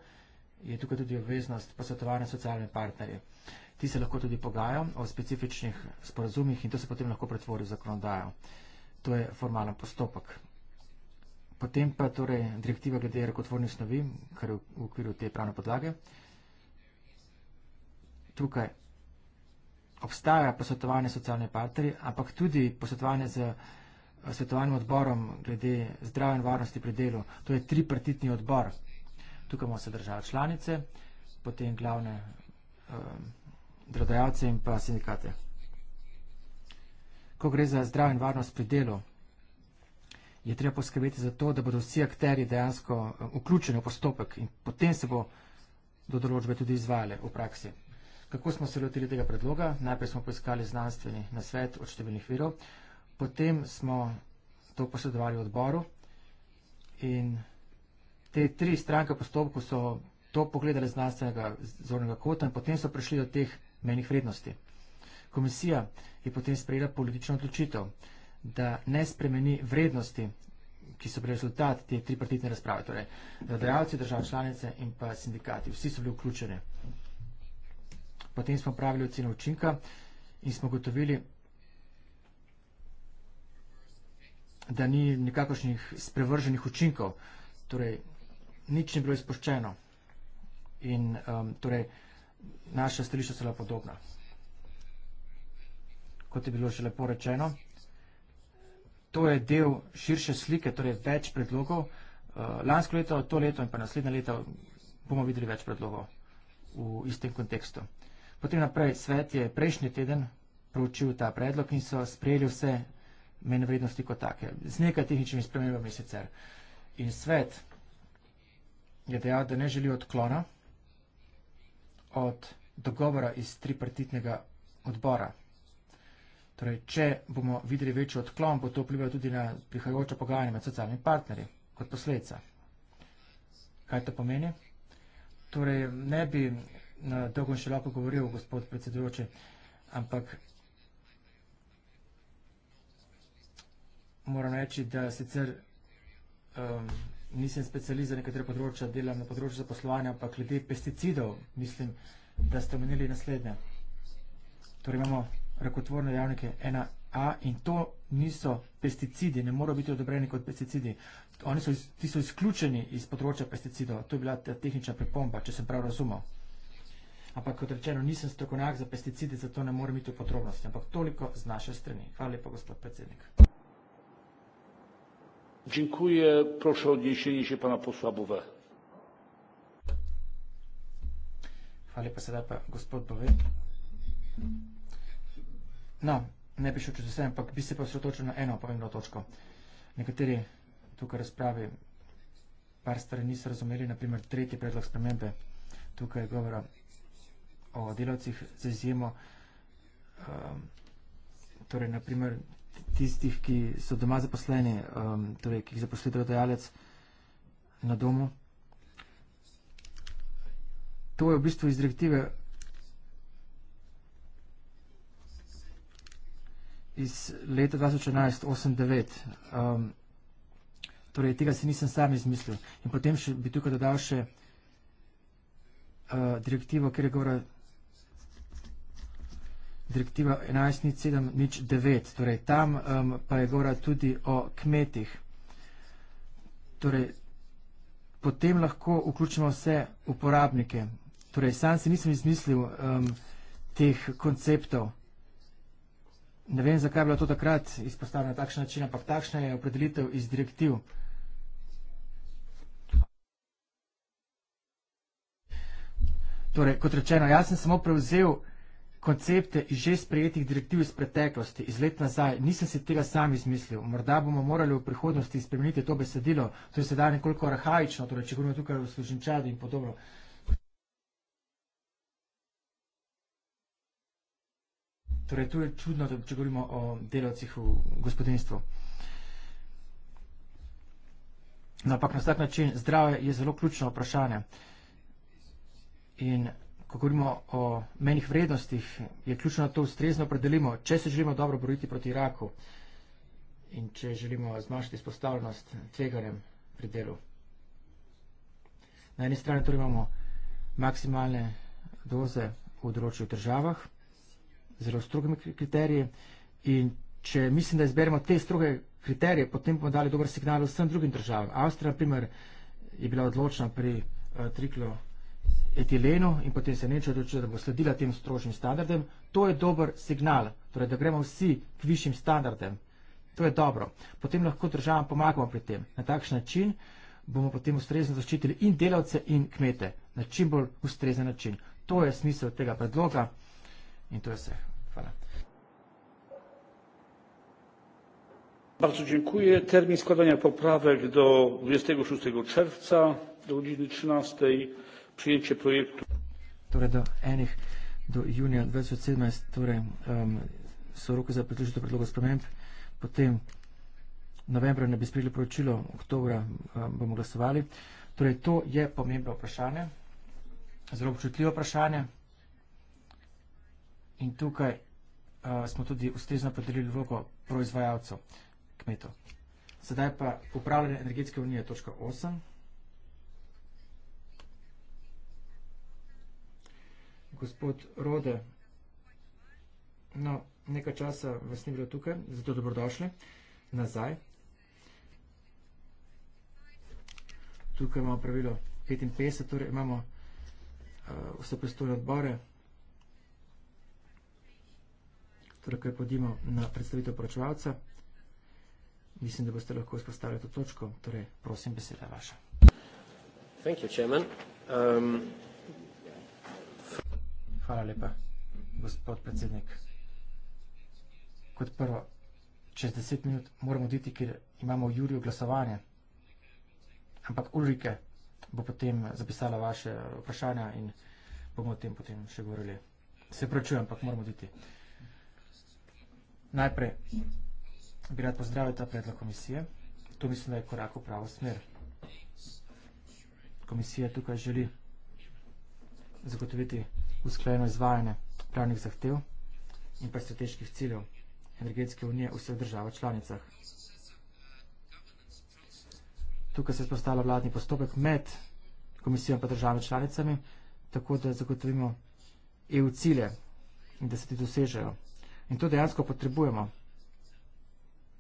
je tukaj tudi obveznost posvetovanja socialnim partnerjem. Ti se lahko tudi pogajajo o specifičnih sporazumih in to se potem lahko pretvori v zakonodajo. To je formalen postopek. Potem pa torej direktiva glede rakotvornih snovi, kar je v okviru te pravne podlage. Tukaj obstaja posvetovanje socialnih partnerjev, ampak tudi posvetovanje z svetovanjem odborom glede zdravja in varnosti pri delu. To je tripartitni odbor. Tukaj imamo se države članice, potem glavne eh, delodajalce in pa sindikate. Ko gre za zdravje in varnost pri delu, je treba poskrbeti za to, da bodo vsi akteri dejansko eh, vključeni v postopek in potem se bo do določbe tudi izvajale v praksi. Kako smo se lotili tega predloga? Najprej smo poiskali znanstveni nasvet od številnih virov potem smo to posredovali v odboru in te tri stranke postopku so to pogledali znanstvenega zornega kota in potem so prišli do teh menih vrednosti. Komisija je potem sprejela politično odločitev, da ne spremeni vrednosti, ki so bili rezultat te tripartitne razprave, torej zadajalci, država članice in pa sindikati. Vsi so bili vključeni. Potem smo pravili oceno učinka in smo gotovili, da ni nikakršnih sprevrženih učinkov, torej nič ni bilo izpuščeno. In um, torej naša stališča so lepo podobna. Kot je bilo že lepo rečeno, to je del širše slike, torej več predlogov. Uh, lansko leto, to leto in pa naslednje leto bomo videli več predlogov v istem kontekstu. Potem naprej svet je prejšnji teden proučil ta predlog in so sprejeli vse menj vrednosti kot take. Z nekaj tehničnimi spremembami sicer. In svet je dejal, da ne želi odklona od dogovora iz tripartitnega odbora. Torej, če bomo videli večji odklon, bo to vplivalo tudi na prihajajoče pogajanje med socialnimi partnerji kot posledica. Kaj to pomeni? Torej, ne bi na dolgo in široko govoril, gospod predsedujoči, ampak moram reči, da sicer um, nisem specializ za nekatere področja, delam na področju zaposlovanja, ampak glede pesticidov mislim, da ste omenili naslednje. Torej imamo rakotvorne dejavnike 1A in to niso pesticidi, ne morajo biti odobreni kot pesticidi. Oni so, ti so izključeni iz področja pesticidov. To je bila ta tehnična pripomba, če sem prav razumel. Ampak kot rečeno, nisem strokovnjak za pesticide, zato ne morem biti v podrobnosti. Ampak toliko z naše strani. Hvala lepa, gospod predsednik dziękuję proszę o odniesienie się pana posła Bowe. Hvala lepa, sedaj pa gospod Bove. No, ne bi šel čez vse, ampak bi se pa osredotočil na eno pomembno točko. Nekateri tukaj razprave, par stvari niso razumeli, naprimer tretji predlog spremembe, tukaj je govora o delavcih za izjemo, um, torej naprimer tistih, ki so doma zaposleni, um, torej, ki jih zaposli delodajalec na domu. To je v bistvu iz direktive iz leta 2011-2009. Um, torej, tega si nisem sam izmislil. In potem še, bi tukaj dodal še uh, direktivo, kjer je govora direktiva 11709, torej tam um, pa je govora tudi o kmetih. Torej, potem lahko vključimo vse uporabnike. Torej, sam si nisem izmislil um, teh konceptov. Ne vem, zakaj je bila to takrat izpostavljena na takšen način, ampak takšna je opredelitev iz direktiv. Torej, kot rečeno, jaz sem samo prevzel koncepte iz že sprejetih direktiv iz preteklosti, iz let nazaj, nisem si tega sam izmislil. Morda bomo morali v prihodnosti spremeniti to besedilo, to je sedaj nekoliko arhajično, torej če govorimo tukaj o služenčadi in podobno. Torej, tu je čudno, da če govorimo o delavcih v gospodinstvu. No, ampak na vsak način zdravje je zelo ključno vprašanje. In ko govorimo o menih vrednostih, je ključno, da to ustrezno predelimo, če se želimo dobro boriti proti raku in če želimo zmanjšati izpostavljenost tveganjem pri delu. Na eni strani torej imamo maksimalne doze v določenih državah, zelo strogimi kriteriji in če mislim, da izberemo te stroge kriterije, potem bomo dali dober signal vsem drugim državam. Avstrija, na primer, je bila odločna pri uh, triklo etilenu in potem se neče odločila, da bo sledila tem strožjim standardem, to je dober signal, torej da gremo vsi k višjim standardem. To je dobro. Potem lahko državam pomagamo pri tem. Na takšen način bomo potem ustrezno zaščitili in delavce in kmete. Na čim bolj ustrezen način. To je smisel tega predloga in to je vse. Hvala. Bardzo dziękuję. Termin składania poprawek do 26 czerwca do godziny 13. Prijemče projektu. Torej do enih, do junija 2017, torej um, so roke za predložitev predloga sprememb, potem novembra ne bi sprejeli poročilo, oktobra um, bomo glasovali. Torej to je pomembno vprašanje, zelo občutljivo vprašanje in tukaj uh, smo tudi ustrezno podelili vlogo proizvajalcev kmetov. Sedaj pa upravljanje energetske unije, točka 8. gospod Rode. No, nekaj časa vas ni bilo tukaj, zato dobrodošli nazaj. Tukaj imamo pravilo 55, torej imamo uh, vse pristojne odbore. Torej, kaj podimo na predstavitev poročevalca. Mislim, da boste lahko izpostavili to točko. Torej, prosim, beseda je vaša. Thank you, chairman. Um, Hvala lepa, gospod predsednik. Kot prvo, čez deset minut moramo oditi, ker imamo v Juriju glasovanje. Ampak Ulrike bo potem zapisala vaše vprašanja in bomo o tem potem še govorili. Se pravčujem, ampak moramo oditi. Najprej bi rad pozdravil ta predlog komisije. To mislim, da je korak v pravo smer. Komisija tukaj želi zagotoviti usklajeno izvajanje pravnih zahtev in pa strateških ciljev energetske unije v vseh državah članicah. Tukaj se spostavlja vladni postopek med komisijo in pa državami članicami, tako da zagotovimo EU cilje in da se ti dosežejo. In to dejansko potrebujemo.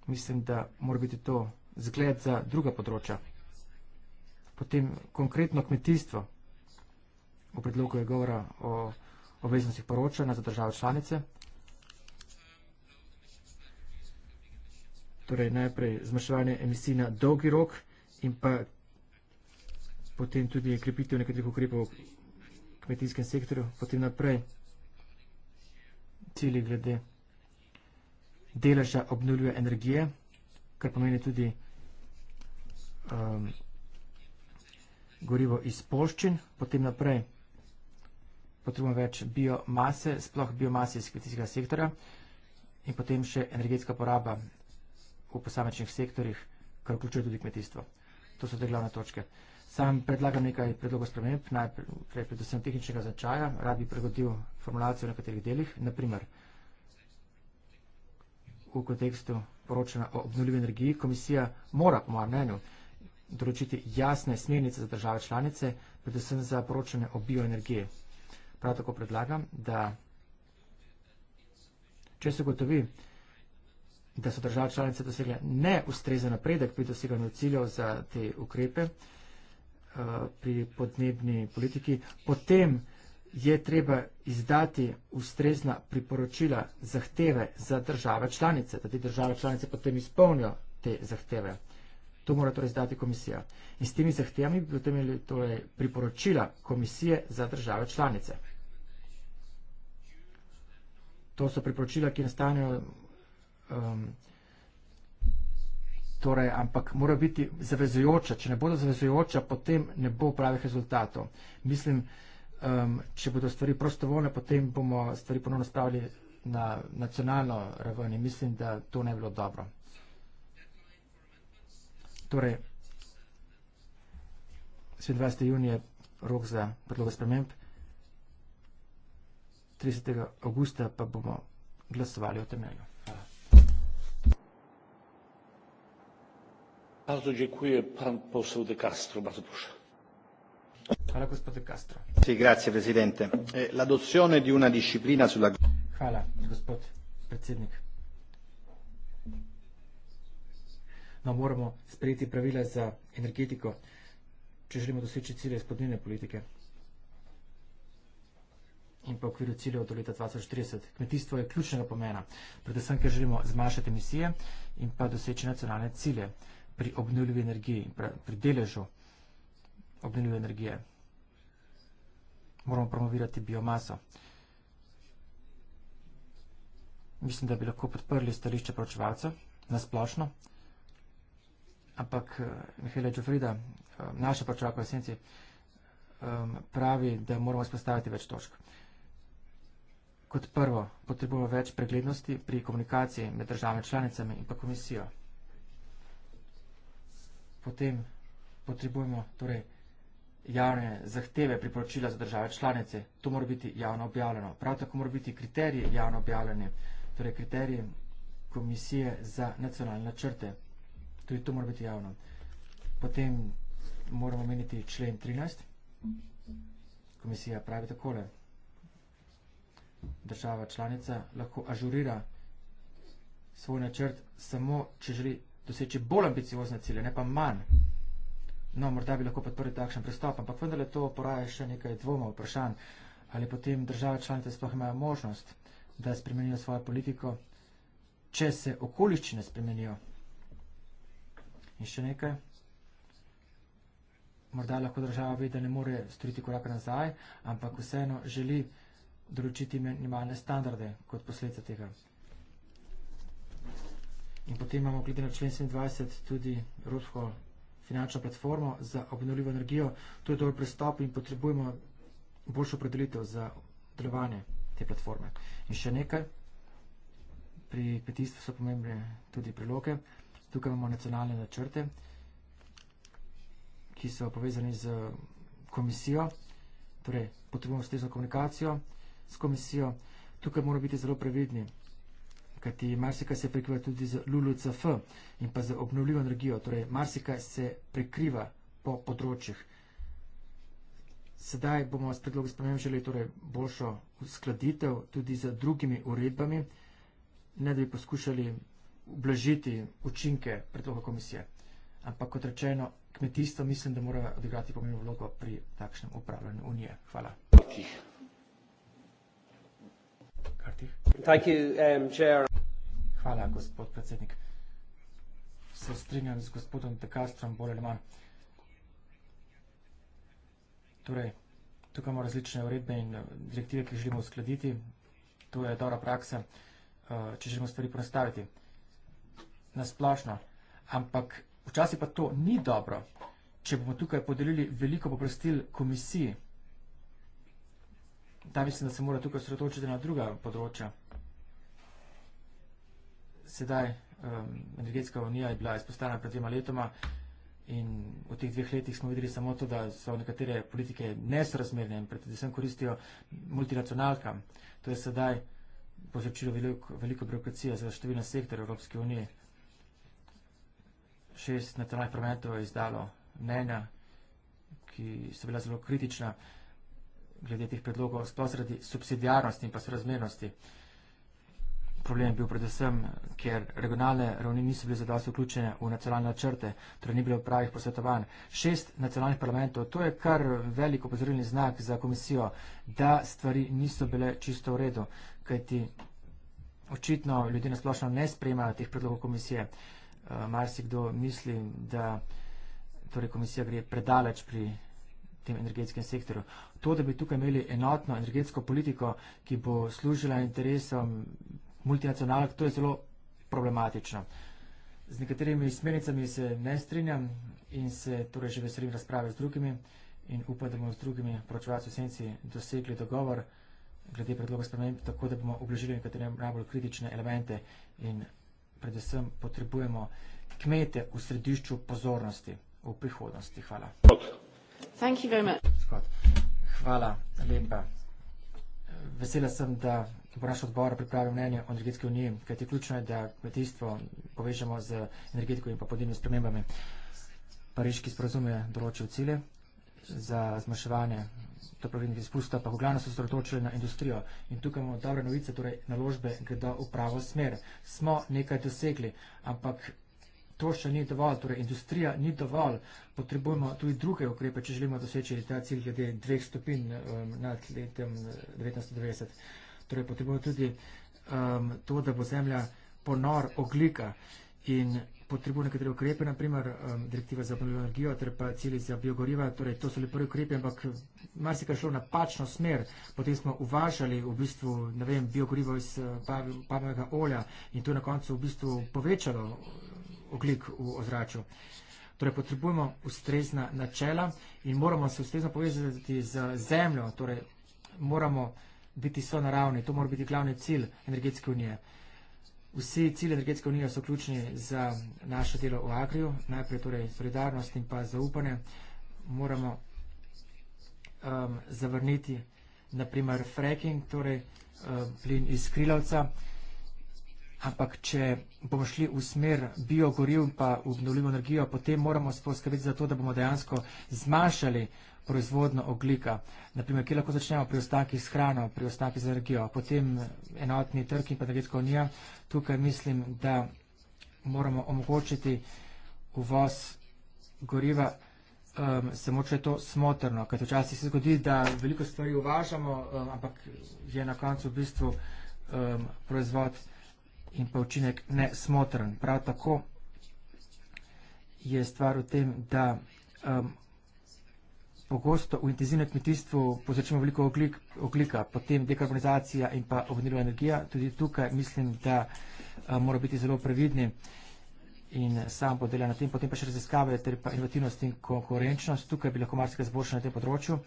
Mislim, da mora biti to zgled za druga področja. Potem konkretno kmetijstvo, o predlogu je govora o obveznostih poročanja za države članice. Torej najprej zmrševanje emisij na dolgi rok in pa potem tudi krepitev nekaterih ukrepov v kmetijskem sektorju, potem naprej cilji glede deleža obnuljuje energije, kar pomeni tudi um, gorivo iz poščin, potem naprej potrebujemo več biomase, sploh biomase iz kmetijskega sektora in potem še energetska poraba v posamečnih sektorjih, kar vključuje tudi kmetijstvo. To so te glavne točke. Sam predlagam nekaj predlogov sprememb, najprej predvsem tehničnega značaja. Rad bi pregodil formulacijo v nekaterih delih, naprimer v kontekstu poročena o obnovljivi energiji, komisija mora, po mojem mnenju, določiti jasne smernice za države članice, predvsem za poročanje o bioenergiji. Prav tako predlagam, da če se gotovi, da so države članice dosegle neustrezen napredek pri doseganju ciljev za te ukrepe eh, pri podnebni politiki, potem je treba izdati ustrezna priporočila zahteve za države članice, da te države članice potem izpolnijo te zahteve. To mora torej zdati komisija. In s temi zahtevami bi potem imeli torej priporočila komisije za države članice. To so priporočila, ki nastanejo, um, torej, ampak mora biti zavezujoča. Če ne bodo zavezujoča, potem ne bo pravih rezultatov. Mislim, um, če bodo stvari prostovoljne, potem bomo stvari ponovno spravili na nacionalno raven in mislim, da to ne bi bilo dobro. Torej, 27. junija je rok za predloge sprememb, 30. augusta pa bomo glasovali o temelju. Hvala. Bardzo dziękuję pan poseł De Castro, bardzo proszę. Hvala, gospod De Castro. Sì, grazie, presidente. Eh, l'adozione di una disciplina sulla... Hvala, gospod predsednik. da no, moramo sprejeti pravila za energetiko, če želimo doseči cilje spodnjene politike in pa v okviru ciljev do leta 2030. Kmetijstvo je ključnega pomena, predvsem, ker želimo zmanjšati emisije in pa doseči nacionalne cilje pri obnovljivi energiji, pri deležu obnovljive energije. Moramo promovirati biomaso. Mislim, da bi lahko podprli stališče pročevalcev na splošno ampak eh, Mihajlo Čufrida, eh, naša pačaka v esenci, eh, pravi, da moramo spostaviti več točk. Kot prvo, potrebujemo več preglednosti pri komunikaciji med državami članicami in pa komisijo. Potem potrebujemo torej javne zahteve priporočila za države članice. To mora biti javno objavljeno. Prav tako mora biti kriteriji javno objavljeni, torej kriteriji komisije za nacionalne načrte tudi to mora biti javno. Potem moramo omeniti člen 13. Komisija pravi takole. Država članica lahko ažurira svoj načrt samo, če želi doseči bolj ambiciozne cilje, ne pa manj. No, morda bi lahko podprli takšen pristop, ampak vendar je to poraja še nekaj dvoma, vprašanj, ali potem države članice sploh imajo možnost, da spremenijo svojo politiko, če se okoliščine spremenijo In še nekaj. Morda lahko država ve, da ne more storiti koraka nazaj, ampak vseeno želi določiti minimalne standarde kot posledica tega. In potem imamo, glede na člen 27, tudi Evropsko finančno platformo za obnovljivo energijo. To je dober prestop in potrebujemo boljšo predelitev za delovanje te platforme. In še nekaj. Pri petistvu so pomembne tudi priloge. Tukaj imamo nacionalne načrte, ki so povezani z komisijo, torej potrebujemo ustrezno komunikacijo s komisijo. Tukaj moramo biti zelo previdni, kajti marsikaj se prekriva tudi z LULUCF in pa z obnovljivo energijo, torej marsikaj se prekriva po področjih. Sedaj bomo s predlogom spremem želeli torej boljšo uskladitev tudi z drugimi uredbami, ne da bi poskušali ublažiti učinke predloga komisije. Ampak kot rečeno, kmetijstvo mislim, da mora odigrati pomembno vlogo pri takšnem upravljanju unije. Hvala. Thank you, um, chair. Hvala, gospod predsednik. Se strinjam z gospodom Dekastrom, bolj ali manj. Torej, tukaj imamo različne uredbe in uh, direktive, ki želimo uskladiti. To je dobra praksa, uh, če želimo stvari prestaviti nasplošno. Ampak včasih pa to ni dobro, če bomo tukaj podelili veliko poprostil komisiji. Da mislim, da se mora tukaj sredočiti na druga področja. Sedaj um, energetska unija je bila izpostavljena pred dvema letoma in v teh dveh letih smo videli samo to, da so nekatere politike nesrazmerne in predvsem koristijo multinacionalkam. To je sedaj povzročilo veliko, veliko birokracije za številne sektore Evropske unije šest nacionalnih parlamentov je izdalo mnenja, ki so bila zelo kritična glede teh predlogov, sploh zaradi subsidijarnosti in pa sorazmernosti. Problem je bil predvsem, ker regionalne ravni niso bile zadosti vključene v nacionalne načrte, torej ni bilo pravih posvetovanj. Šest nacionalnih parlamentov, to je kar velik opozorilni znak za komisijo, da stvari niso bile čisto v redu, kajti očitno ljudje nasplošno ne sprejemajo teh predlogov komisije. Uh, Eh, marsikdo misli, da torej komisija gre predaleč pri tem energetskem sektorju. To, da bi tukaj imeli enotno energetsko politiko, ki bo služila interesom multinacionalk, to je zelo problematično. Z nekaterimi smernicami se ne strinjam in se torej že veselim razprave z drugimi in upam, da bomo z drugimi pročevalci v senci dosegli dogovor glede predloga spremenb, tako da bomo obložili nekatere najbolj kritične elemente in predvsem potrebujemo kmete v središču pozornosti v prihodnosti. Hvala. Thank you very much. Hvala lepa. Vesela sem, da bo naš odbor pripravil mnenje o energetski uniji, kajti ključno je, da kmetijstvo povežemo z energetiko in pa podnebnimi spremembami. Pariški sporazum je določil cilje, za zmanjševanje toplogrednih izpustov, pa v glavno so se sredotočili na industrijo. In tukaj imamo dobre novice, torej naložbe gredo v pravo smer. Smo nekaj dosegli, ampak to še ni dovolj, torej industrija ni dovolj. Potrebujemo tudi druge ukrepe, če želimo doseči ta cilj glede dveh stopinj um, nad letem 1990. Eh, torej potrebujemo tudi um, to, da bo zemlja ponor oglika in potrebuje nekatere ukrepe, naprimer um, direktiva za obnovljivo energijo ter pa cilji za biogoriva. Torej, to so le prvi ukrepi, ampak marsikaj je šlo v napačno smer. Potem smo uvažali v bistvu, ne vem, biogorivo iz uh, palmovega olja in to je na koncu v bistvu povečalo oglik v ozračju. Torej, potrebujemo ustrezna načela in moramo se ustrezno povezati z zemljo. Torej, moramo biti so naravni. To mora biti glavni cilj energetske unije. Uh, Vsi cilji energetske unije so ključni za naše delo v Agriju, najprej torej solidarnost in pa zaupanje. Moramo um, zavrniti, naprimer, fracking, torej um, plin iz Krilovca. Ampak, če bomo šli v smer biogoriv in pa obnovljivo energijo, potem moramo poskrbeti za to, da bomo dejansko zmanjšali proizvodno oglika. Naprimer, kje lahko začnemo pri ostankih s hrano, pri ostankih z energijo, potem enotni trg in pa energetska unija. Tukaj mislim, da moramo omogočiti uvoz goriva, um, samo če je to smotrno, kajti včasih se zgodi, da veliko stvari uvažamo, um, ampak je na koncu v bistvu um, proizvod in pa učinek nesmotren. Prav tako je stvar v tem, da um, pogosto v intenzivnem kmetijstvu povzrečemo veliko oglik, oglika, potem dekarbonizacija in pa obnovljiva energija. Tudi tukaj mislim, da um, mora biti zelo previdni in sam podelja na tem, potem pa še raziskave ter pa inovativnost in konkurenčnost. Tukaj bi lahko marsikaj zboljšali na tem področju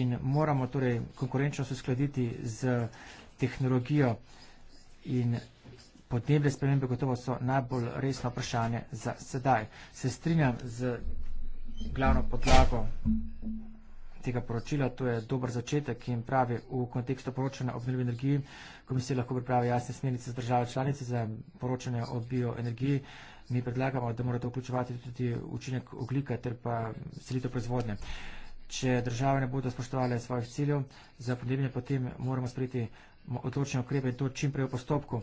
in moramo torej konkurenčnost uskladiti z tehnologijo in podnebne spremembe gotovo so najbolj resno vprašanje za sedaj. Se strinjam z glavno podlago tega poročila, to je dober začetek in pravi v kontekstu poročanja o obnovljivi energiji, komisija lahko pripravi jasne smernice za države članice za poročanje o bioenergiji. Mi predlagamo, da morate vključevati tudi učinek oglika ter pa selitev proizvodnje. Če države ne bodo spoštovali svojih ciljev za podnebne, potem moramo sprejeti odločene ukrepe in to čim prej v postopku. Uh,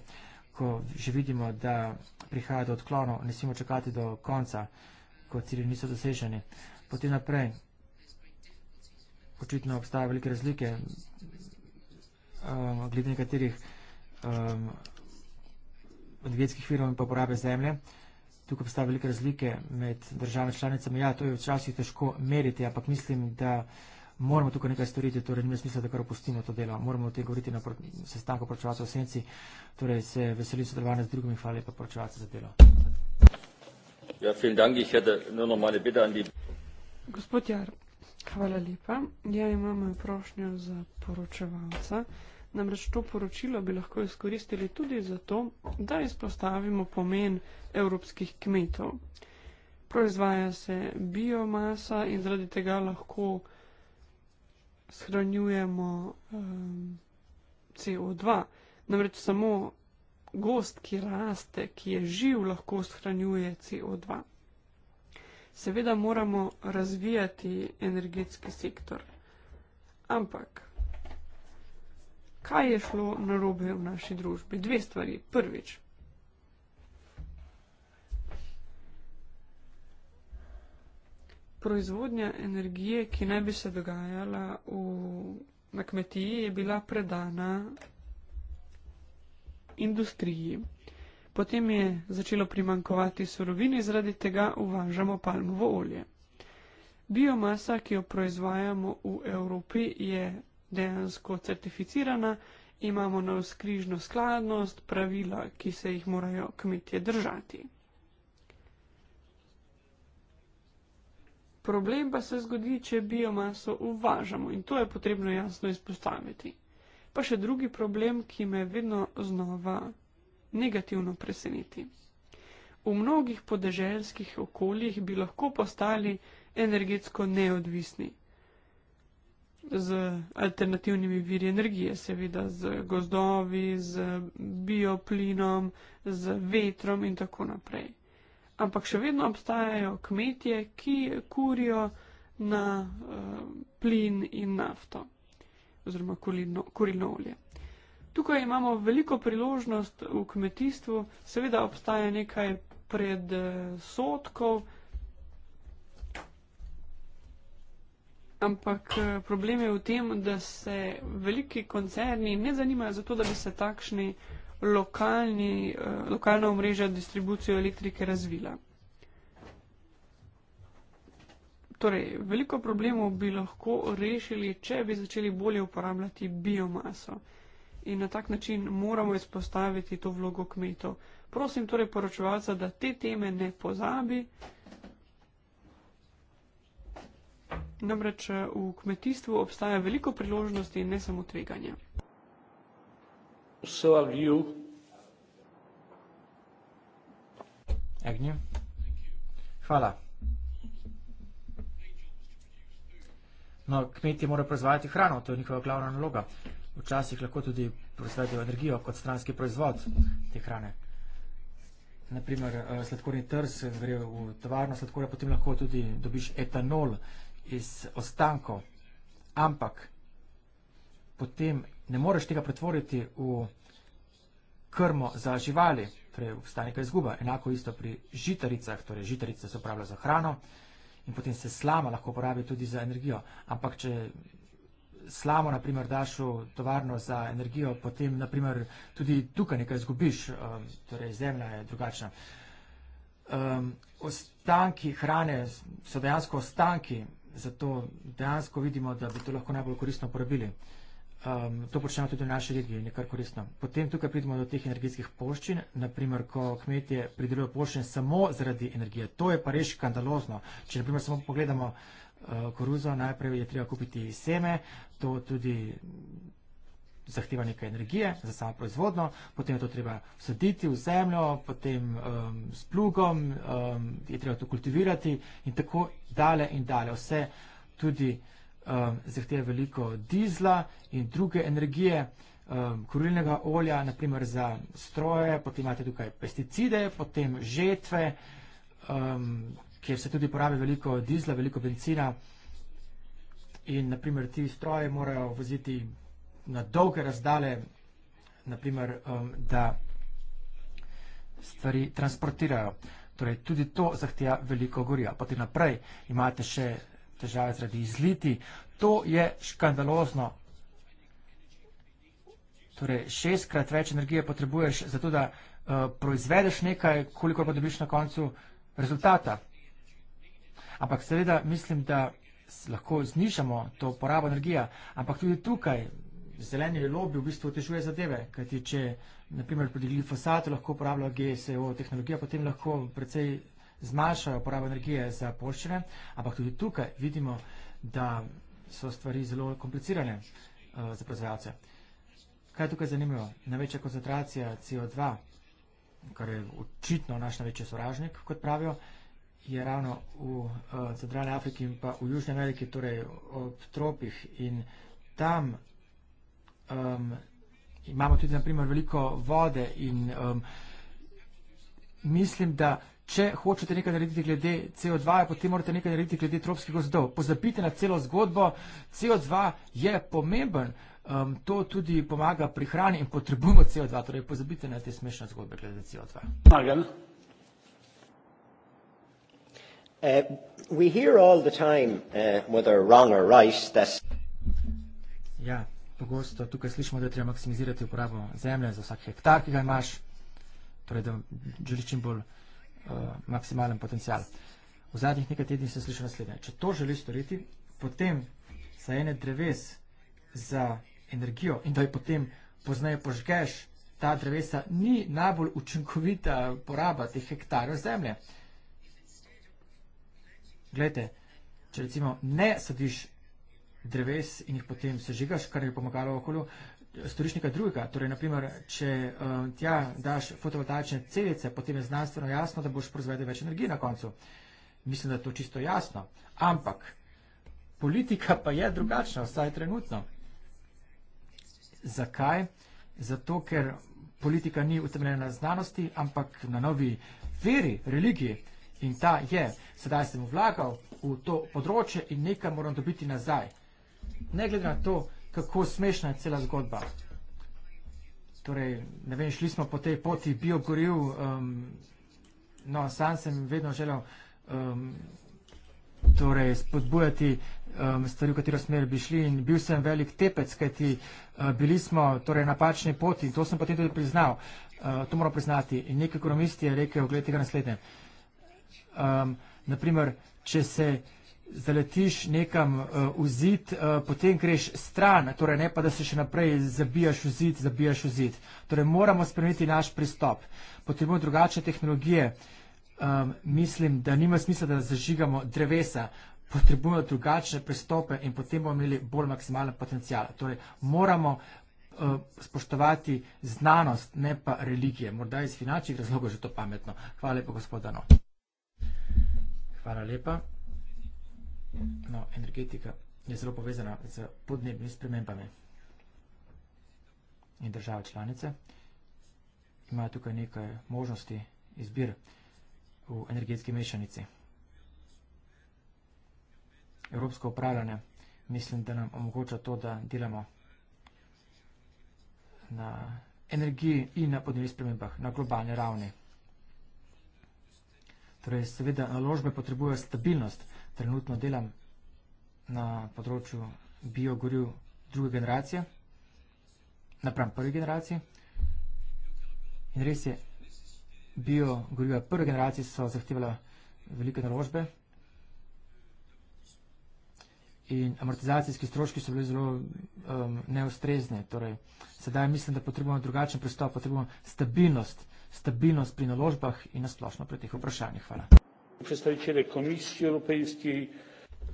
ko že vidimo, da prihaja do odklonov, ne smemo čakati do konca, ko cilji niso doseženi. Potem naprej, očitno obstaja velike razlike, um, glede nekaterih um, energetskih virov in pa porabe zemlje. Tukaj obstaja velike razlike med državami članicami. Ja, to je včasih težko meriti, ampak mislim, da moramo tukaj nekaj storiti, torej nima smisla, da kar opustimo to delo. Moramo o tem govoriti na sestanku poročevalcev v senci, torej se veselim sodelovanja z drugimi, hvala lepa poročevalce za delo. Ja, vielen Dank, ich hätte nur noch meine Bitte an die. Gospod Jar, hvala lepa. Ja, imamo prošnjo za poročevalca. Namreč to poročilo bi lahko izkoristili tudi zato, da izpostavimo pomen evropskih kmetov. Proizvaja se biomasa in zaradi tega lahko shranjujemo um, ehm, CO2. Namreč samo gost, ki raste, ki je živ, lahko shranjuje CO2. Seveda moramo razvijati energetski sektor. Ampak, kaj je šlo narobe v naši družbi? Dve stvari. Prvič, proizvodnja energije, ki naj bi se dogajala v, na kmetiji, je bila predana industriji. Potem je začelo primankovati surovin in zaradi tega uvažamo palmovo olje. Biomasa, ki jo proizvajamo v Evropi, je dejansko certificirana, imamo na vzkrižno skladnost pravila, ki se jih morajo kmetje držati. Problem pa se zgodi, če biomaso uvažamo in to je potrebno jasno izpostaviti. Pa še drugi problem, ki me vedno znova negativno preseneti. V mnogih podeželskih okoljih bi lahko postali energetsko neodvisni z alternativnimi viri energije, seveda z gozdovi, z bioplinom, z vetrom in tako naprej ampak še vedno obstajajo kmetje, ki kurijo na uh, plin in nafto oziroma kurilno, kurilno olje. Tukaj imamo veliko priložnost v kmetijstvu, seveda obstaja nekaj predsotkov, ampak eh, problem je v tem, da se veliki koncerni ne zanimajo za to, da bi se takšni uh, lokalni, eh, lokalna omrežja distribucijo elektrike razvila. Torej, veliko problemov bi lahko rešili, če bi začeli bolje uporabljati biomaso. In na tak način moramo izpostaviti to vlogo kmetov. Prosim torej poročevalca, da te teme ne pozabi. Namreč eh, v kmetijstvu obstaja veliko priložnosti in ne samo tveganja. So have you. Agnew? Hvala. No, kmetje morajo proizvajati hrano, to je njihova glavna naloga. Včasih lahko tudi proizvedejo energijo kot stranski proizvod te hrane. Naprimer, eh, sladkorni trs gre v tovarno sladkorja, potem lahko tudi dobiš etanol iz ostankov. Ampak potem ne moreš tega pretvoriti v krmo za živali, torej vstane nekaj izguba. Enako isto pri žitaricah, torej žitarice se uporablja za hrano in potem se slama lahko uporabi tudi za energijo. Ampak če slamo, naprimer, daš v tovarno za energijo, potem, naprimer, tudi tukaj nekaj izgubiš, um, torej zemlja je drugačna. Um, ostanki hrane so dejansko ostanki, zato dejansko vidimo, da bi to lahko najbolj koristno uporabili um, to počnemo tudi v naši regiji, nekaj koristno. Potem tukaj pridemo do teh energijskih poščin, naprimer, ko kmetje pridelujejo poščine samo zaradi energije. To je pa res škandalozno. Če naprimer samo pogledamo uh, koruzo, najprej je treba kupiti seme, to tudi zahteva nekaj energije za samo proizvodno, potem je to treba vsaditi v zemljo, potem um, s plugom, um, je treba to kultivirati in tako dalje in dalje. Vse tudi. Eh, zahteva veliko dizla in druge energije, um, kurilnega olja, naprimer za stroje, potem imate tukaj pesticide, potem žetve, um, kjer se tudi porabi veliko dizla, veliko benzina in naprimer ti stroje morajo voziti na dolge razdale, naprimer, um, da stvari transportirajo. Torej, tudi to zahteva veliko gorja. Potem naprej imate še težave zaradi izliti. To je škandalozno. Torej, šestkrat več energije potrebuješ za to, da uh, proizvedeš nekaj, koliko pa dobiš na koncu rezultata. Ampak seveda mislim, da lahko znižamo to porabo energije, ampak tudi tukaj zeleni lobby v bistvu otežuje zadeve, kajti če naprimer pri glifosatu lahko uporablja GSEO tehnologijo, potem lahko precej zmanjšajo porabo energije za poščene, ampak tudi tukaj vidimo, da so stvari zelo komplicirane uh, za proizvajalce. Kaj je tukaj zanimivo? Največja koncentracija CO2, kar je očitno naš največji sovražnik, kot pravijo, je ravno v uh, centralni Afriki in pa v Južni Ameriki, torej ob tropih in tam um, imamo tudi naprimer veliko vode in um, mislim, da Če hočete nekaj narediti glede CO2, ja, potem morate nekaj narediti glede tropskih gozdov. Pozabite na celo zgodbo. CO2 je pomemben. Um, to tudi pomaga pri hrani in potrebujemo CO2. Torej, pozabite na te smešne zgodbe glede CO2. Morgan. Uh, eh, we hear all the time uh, whether wrong or right that's ja, pogosto tukaj slišimo, da je treba maksimizirati uporabo zemlje za vsak hektar, ki ga imaš, torej da želiš čim bolj uh, Eh, maksimalen potencial. V zadnjih nekaj tednih sem slišal naslednje. Če to želi storiti, potem za ene dreves za energijo in da jo potem pozneje požgeš, ta drevesa ni najbolj učinkovita poraba teh hektarjev zemlje. Glejte, če recimo ne sadiš dreves in jih potem sežigaš, kar je pomagalo okolju, storiš nekaj drugega. Torej, naprimer, če um, tja daš fotovoltaične celice, potem je znanstveno jasno, da boš proizvedel več energije na koncu. Mislim, da je to čisto jasno. Ampak politika pa je drugačna, vsaj trenutno. Zakaj? Zato, ker politika ni utemeljena na znanosti, ampak na novi veri, religiji. In ta je, sedaj sem vlagal v to področje in nekaj moram dobiti nazaj. Ne glede na to, kako smešna je cela zgodba. Torej, ne vem, šli smo po tej poti biogoril, um, no, sam sem vedno želel um, torej, spodbujati um, stvari, v katero smer bi šli in bil sem velik tepec, kajti uh, bili smo torej, na pačni poti in to sem potem tudi priznal. Uh, to moram priznati. In nek ekonomist je rekel, gledaj tega naslednje. Um, naprimer, če se zaletiš nekam uh, v zid, uh, potem greš stran, torej ne pa, da se še naprej zabijaš v zid, zabijaš v zid. Torej moramo spremeniti naš pristop. Potrebujemo drugačne tehnologije. Um, mislim, da nima smisla, da zažigamo drevesa. Potrebujemo drugačne pristope in potem bomo imeli bolj maksimalen potencial. Torej moramo uh, spoštovati znanost, ne pa religije. Morda iz finančnih razlogov je že to pametno. Hvala lepa, gospod Dano. Hvala lepa. No, energetika je zelo povezana z podnebnimi spremembami. In države članice imajo tukaj nekaj možnosti izbir v energetski mešanici. Evropsko upravljanje mislim, da nam omogoča to, da delamo na energiji in na podnebnih spremembah, na globalni ravni. Torej, seveda, naložbe potrebujejo stabilnost. Trenutno delam na področju biogoriv druge generacije, napram prvi generaciji. In res je, biogoriva prve generacije so zahtevala velike naložbe in amortizacijski stroški so bili zelo um, neustrezni. Torej, sedaj mislim, da potrebujemo drugačen pristop, potrebujemo stabilnost stabilnost pri naložbah in nasplošno pri teh vprašanjih. Hvala. Predstavitele komisije evropejske.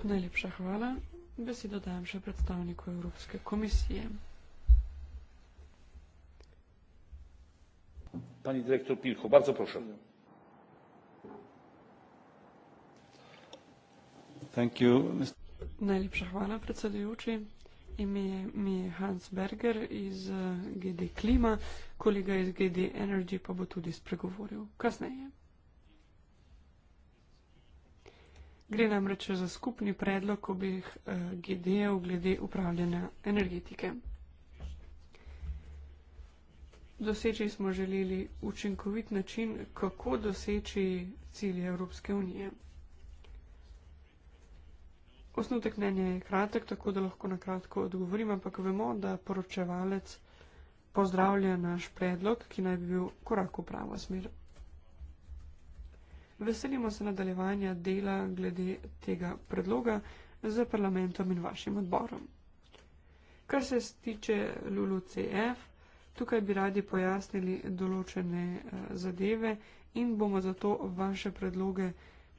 Najlepša hvala. Besedo dajem še predstavniku Evropske komisije. Pani direktor Pilho, bardzo proszę. Thank you. Najlepša hvala, predsedujoči. Ime je mi Hans Berger iz eh, GD Klima, kolega iz GD Energy pa bo tudi spregovoril kasneje. Gre namreč za skupni predlog obih eh, GD-jev glede upravljanja energetike. Doseči smo želeli učinkovit način, kako doseči cilje Evropske unije. Osnutek mnenja je kratek, tako da lahko na kratko odgovorim, ampak vemo, da poročevalec pozdravlja naš predlog, ki naj bi bil korak v pravo smer. Veselimo se nadaljevanja dela glede tega predloga z parlamentom in vašim odborom. Kar se tiče Lulu CF, tukaj bi radi pojasnili določene eh, zadeve in bomo zato vaše predloge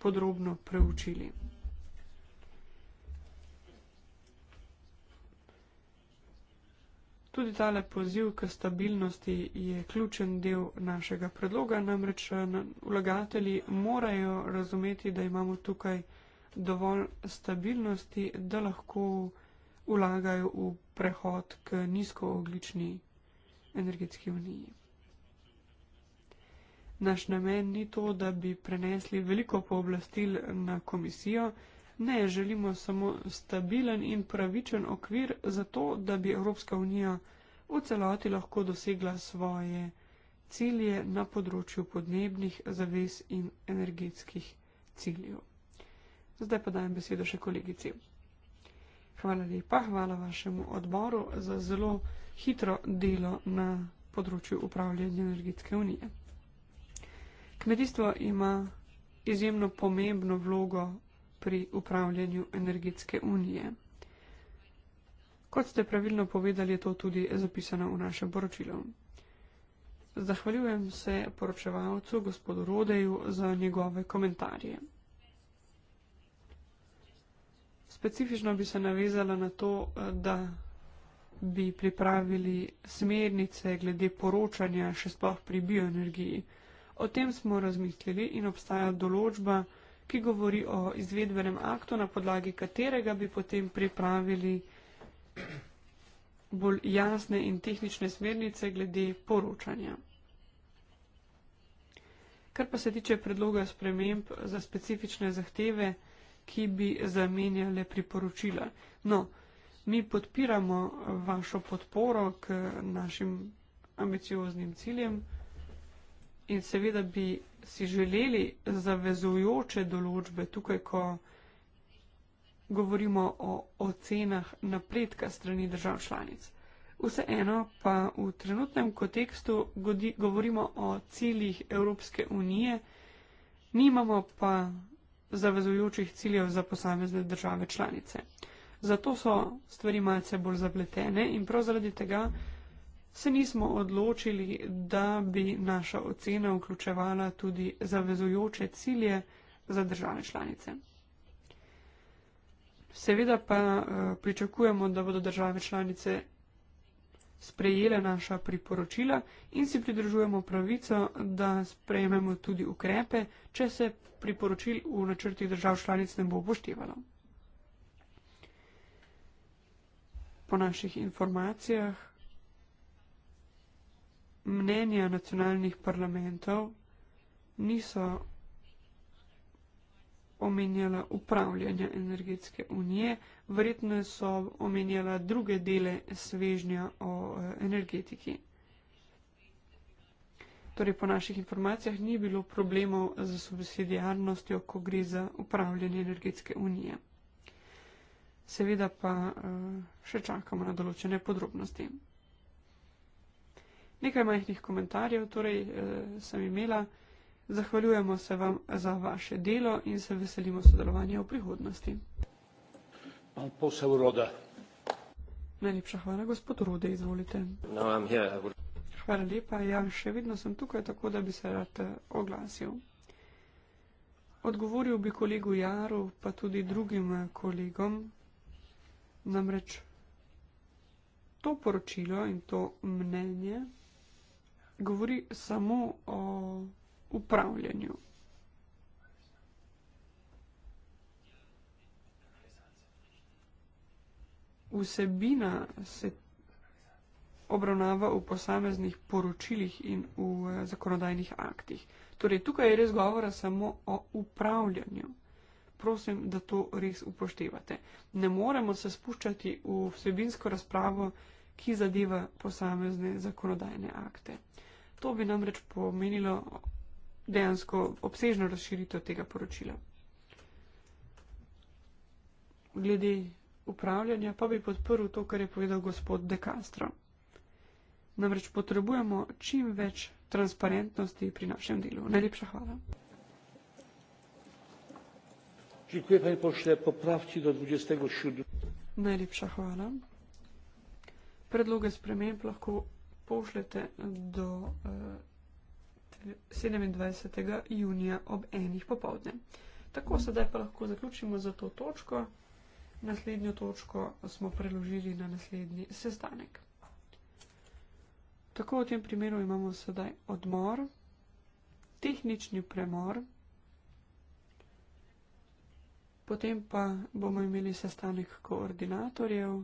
podrobno preučili. Tudi tale poziv k stabilnosti je ključen del našega predloga, namreč eh, vlagatelji morajo razumeti, da imamo tukaj dovolj stabilnosti, da lahko vlagajo v prehod k nizkooglični energetski uniji. Naš namen ni to, da bi prenesli veliko pooblastil na komisijo, Ne, želimo samo stabilen in pravičen okvir za to, da bi Evropska unija v celoti lahko dosegla svoje cilje na področju podnebnih zavez in energetskih ciljev. Zdaj pa dajem besedo še kolegici. Hvala lepa, hvala vašemu odboru za zelo hitro delo na področju upravljanja energetske unije. Kmetijstvo ima izjemno pomembno vlogo pri upravljanju energetske unije. Kot ste pravilno povedali, je to tudi zapisano v našem poročilu. Zahvaljujem se poročevalcu gospodu Rodeju za njegove komentarje. Specifično bi se navezala na to, da bi pripravili smernice glede poročanja še sploh pri bioenergiji. O tem smo razmislili in obstaja določba, ki govori o izvedbenem aktu, na podlagi katerega bi potem pripravili bolj jasne in tehnične smernice glede poročanja. Kar pa se tiče predloga sprememb za specifične zahteve, ki bi zamenjale priporočila. No, mi podpiramo vašo podporo k našim ambicioznim ciljem in seveda bi si želeli zavezujoče določbe tukaj, ko govorimo o ocenah napredka strani držav članic. Vseeno pa v trenutnem kontekstu govorimo o ciljih Evropske unije, nimamo pa zavezujočih ciljev za posamezne države članice. Zato so stvari malce bolj zapletene in prav zaradi tega se nismo odločili, da bi naša ocena vključevala tudi zavezujoče cilje za države članice. Seveda pa eh, pričakujemo, da bodo države članice sprejele naša priporočila in si pridružujemo pravico, da sprejmemo tudi ukrepe, če se priporočil v načrti držav članic ne bo upoštevalo. Po naših informacijah mnenja nacionalnih parlamentov niso omenjala upravljanja energetske unije, verjetno so omenjala druge dele svežnja o eh, energetiki. Torej, po naših informacijah ni bilo problemov z subsidijarnostjo, ko gre za upravljanje energetske unije. Seveda pa eh, še čakamo na določene podrobnosti. Nekaj majhnih komentarjev torej eh, sem imela. Zahvaljujemo se vam za vaše delo in se veselimo sodelovanja v prihodnosti. Najlepša hvala, gospod Rode, izvolite. No, hvala lepa, ja, še vedno sem tukaj, tako da bi se rad eh, oglasil. Odgovoril bi kolegu Jaru, pa tudi drugim eh, kolegom, namreč to poročilo in to mnenje govori samo o upravljanju. Vsebina se obravnava v posameznih poročilih in v eh, zakonodajnih aktih. Torej, tukaj je res govora samo o upravljanju. Prosim, da to res upoštevate. Ne moremo se spuščati v vsebinsko razpravo, ki zadeva posamezne zakonodajne akte. To bi namreč pomenilo dejansko obsežno razširitev tega poročila. Glede upravljanja pa bi podprl to, kar je povedal gospod De Castro. Namreč potrebujemo čim več transparentnosti pri našem delu. Najlepša hvala. Najlepša hvala. Predloge sprememb lahko pošljete do eh, 27. junija ob enih popovdne. Tako sedaj pa lahko zaključimo za to točko. Naslednjo točko smo preložili na naslednji sestanek. Tako v tem primeru imamo sedaj odmor, tehnični premor, potem pa bomo imeli sestanek koordinatorjev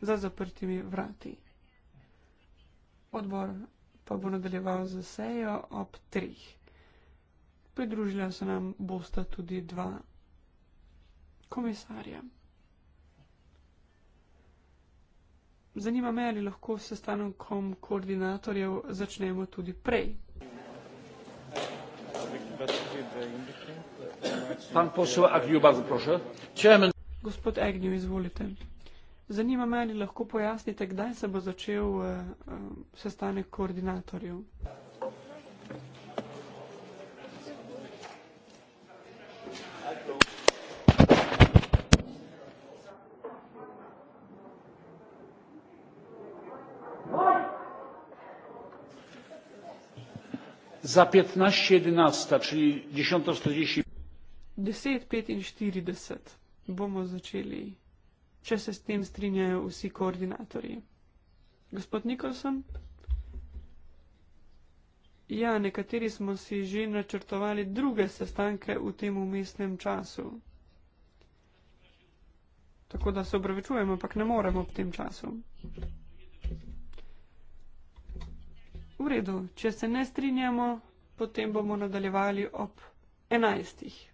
za zaprtimi vrati. Odbor pa bo nadaljeval za sejo ob trih. Pridružila se nam bosta tudi dva komisarja. Zanima me, ali lahko s sestankom koordinatorjev začnemo tudi prej. Gospod Agnew, izvolite. Zanima me, ali lahko pojasnite, kdaj se bo začel uh, uh, sestanek koordinatorjev. Za 15.11, čili 10.45. 10.45 bomo začeli če se s tem strinjajo vsi koordinatorji. Gospod Nikolson? Ja, nekateri smo si že načrtovali druge sestanke v tem umestnem času. Tako da se obravičujemo, ampak ne moremo ob tem času. V redu, če se ne strinjamo, potem bomo nadaljevali ob enajstih.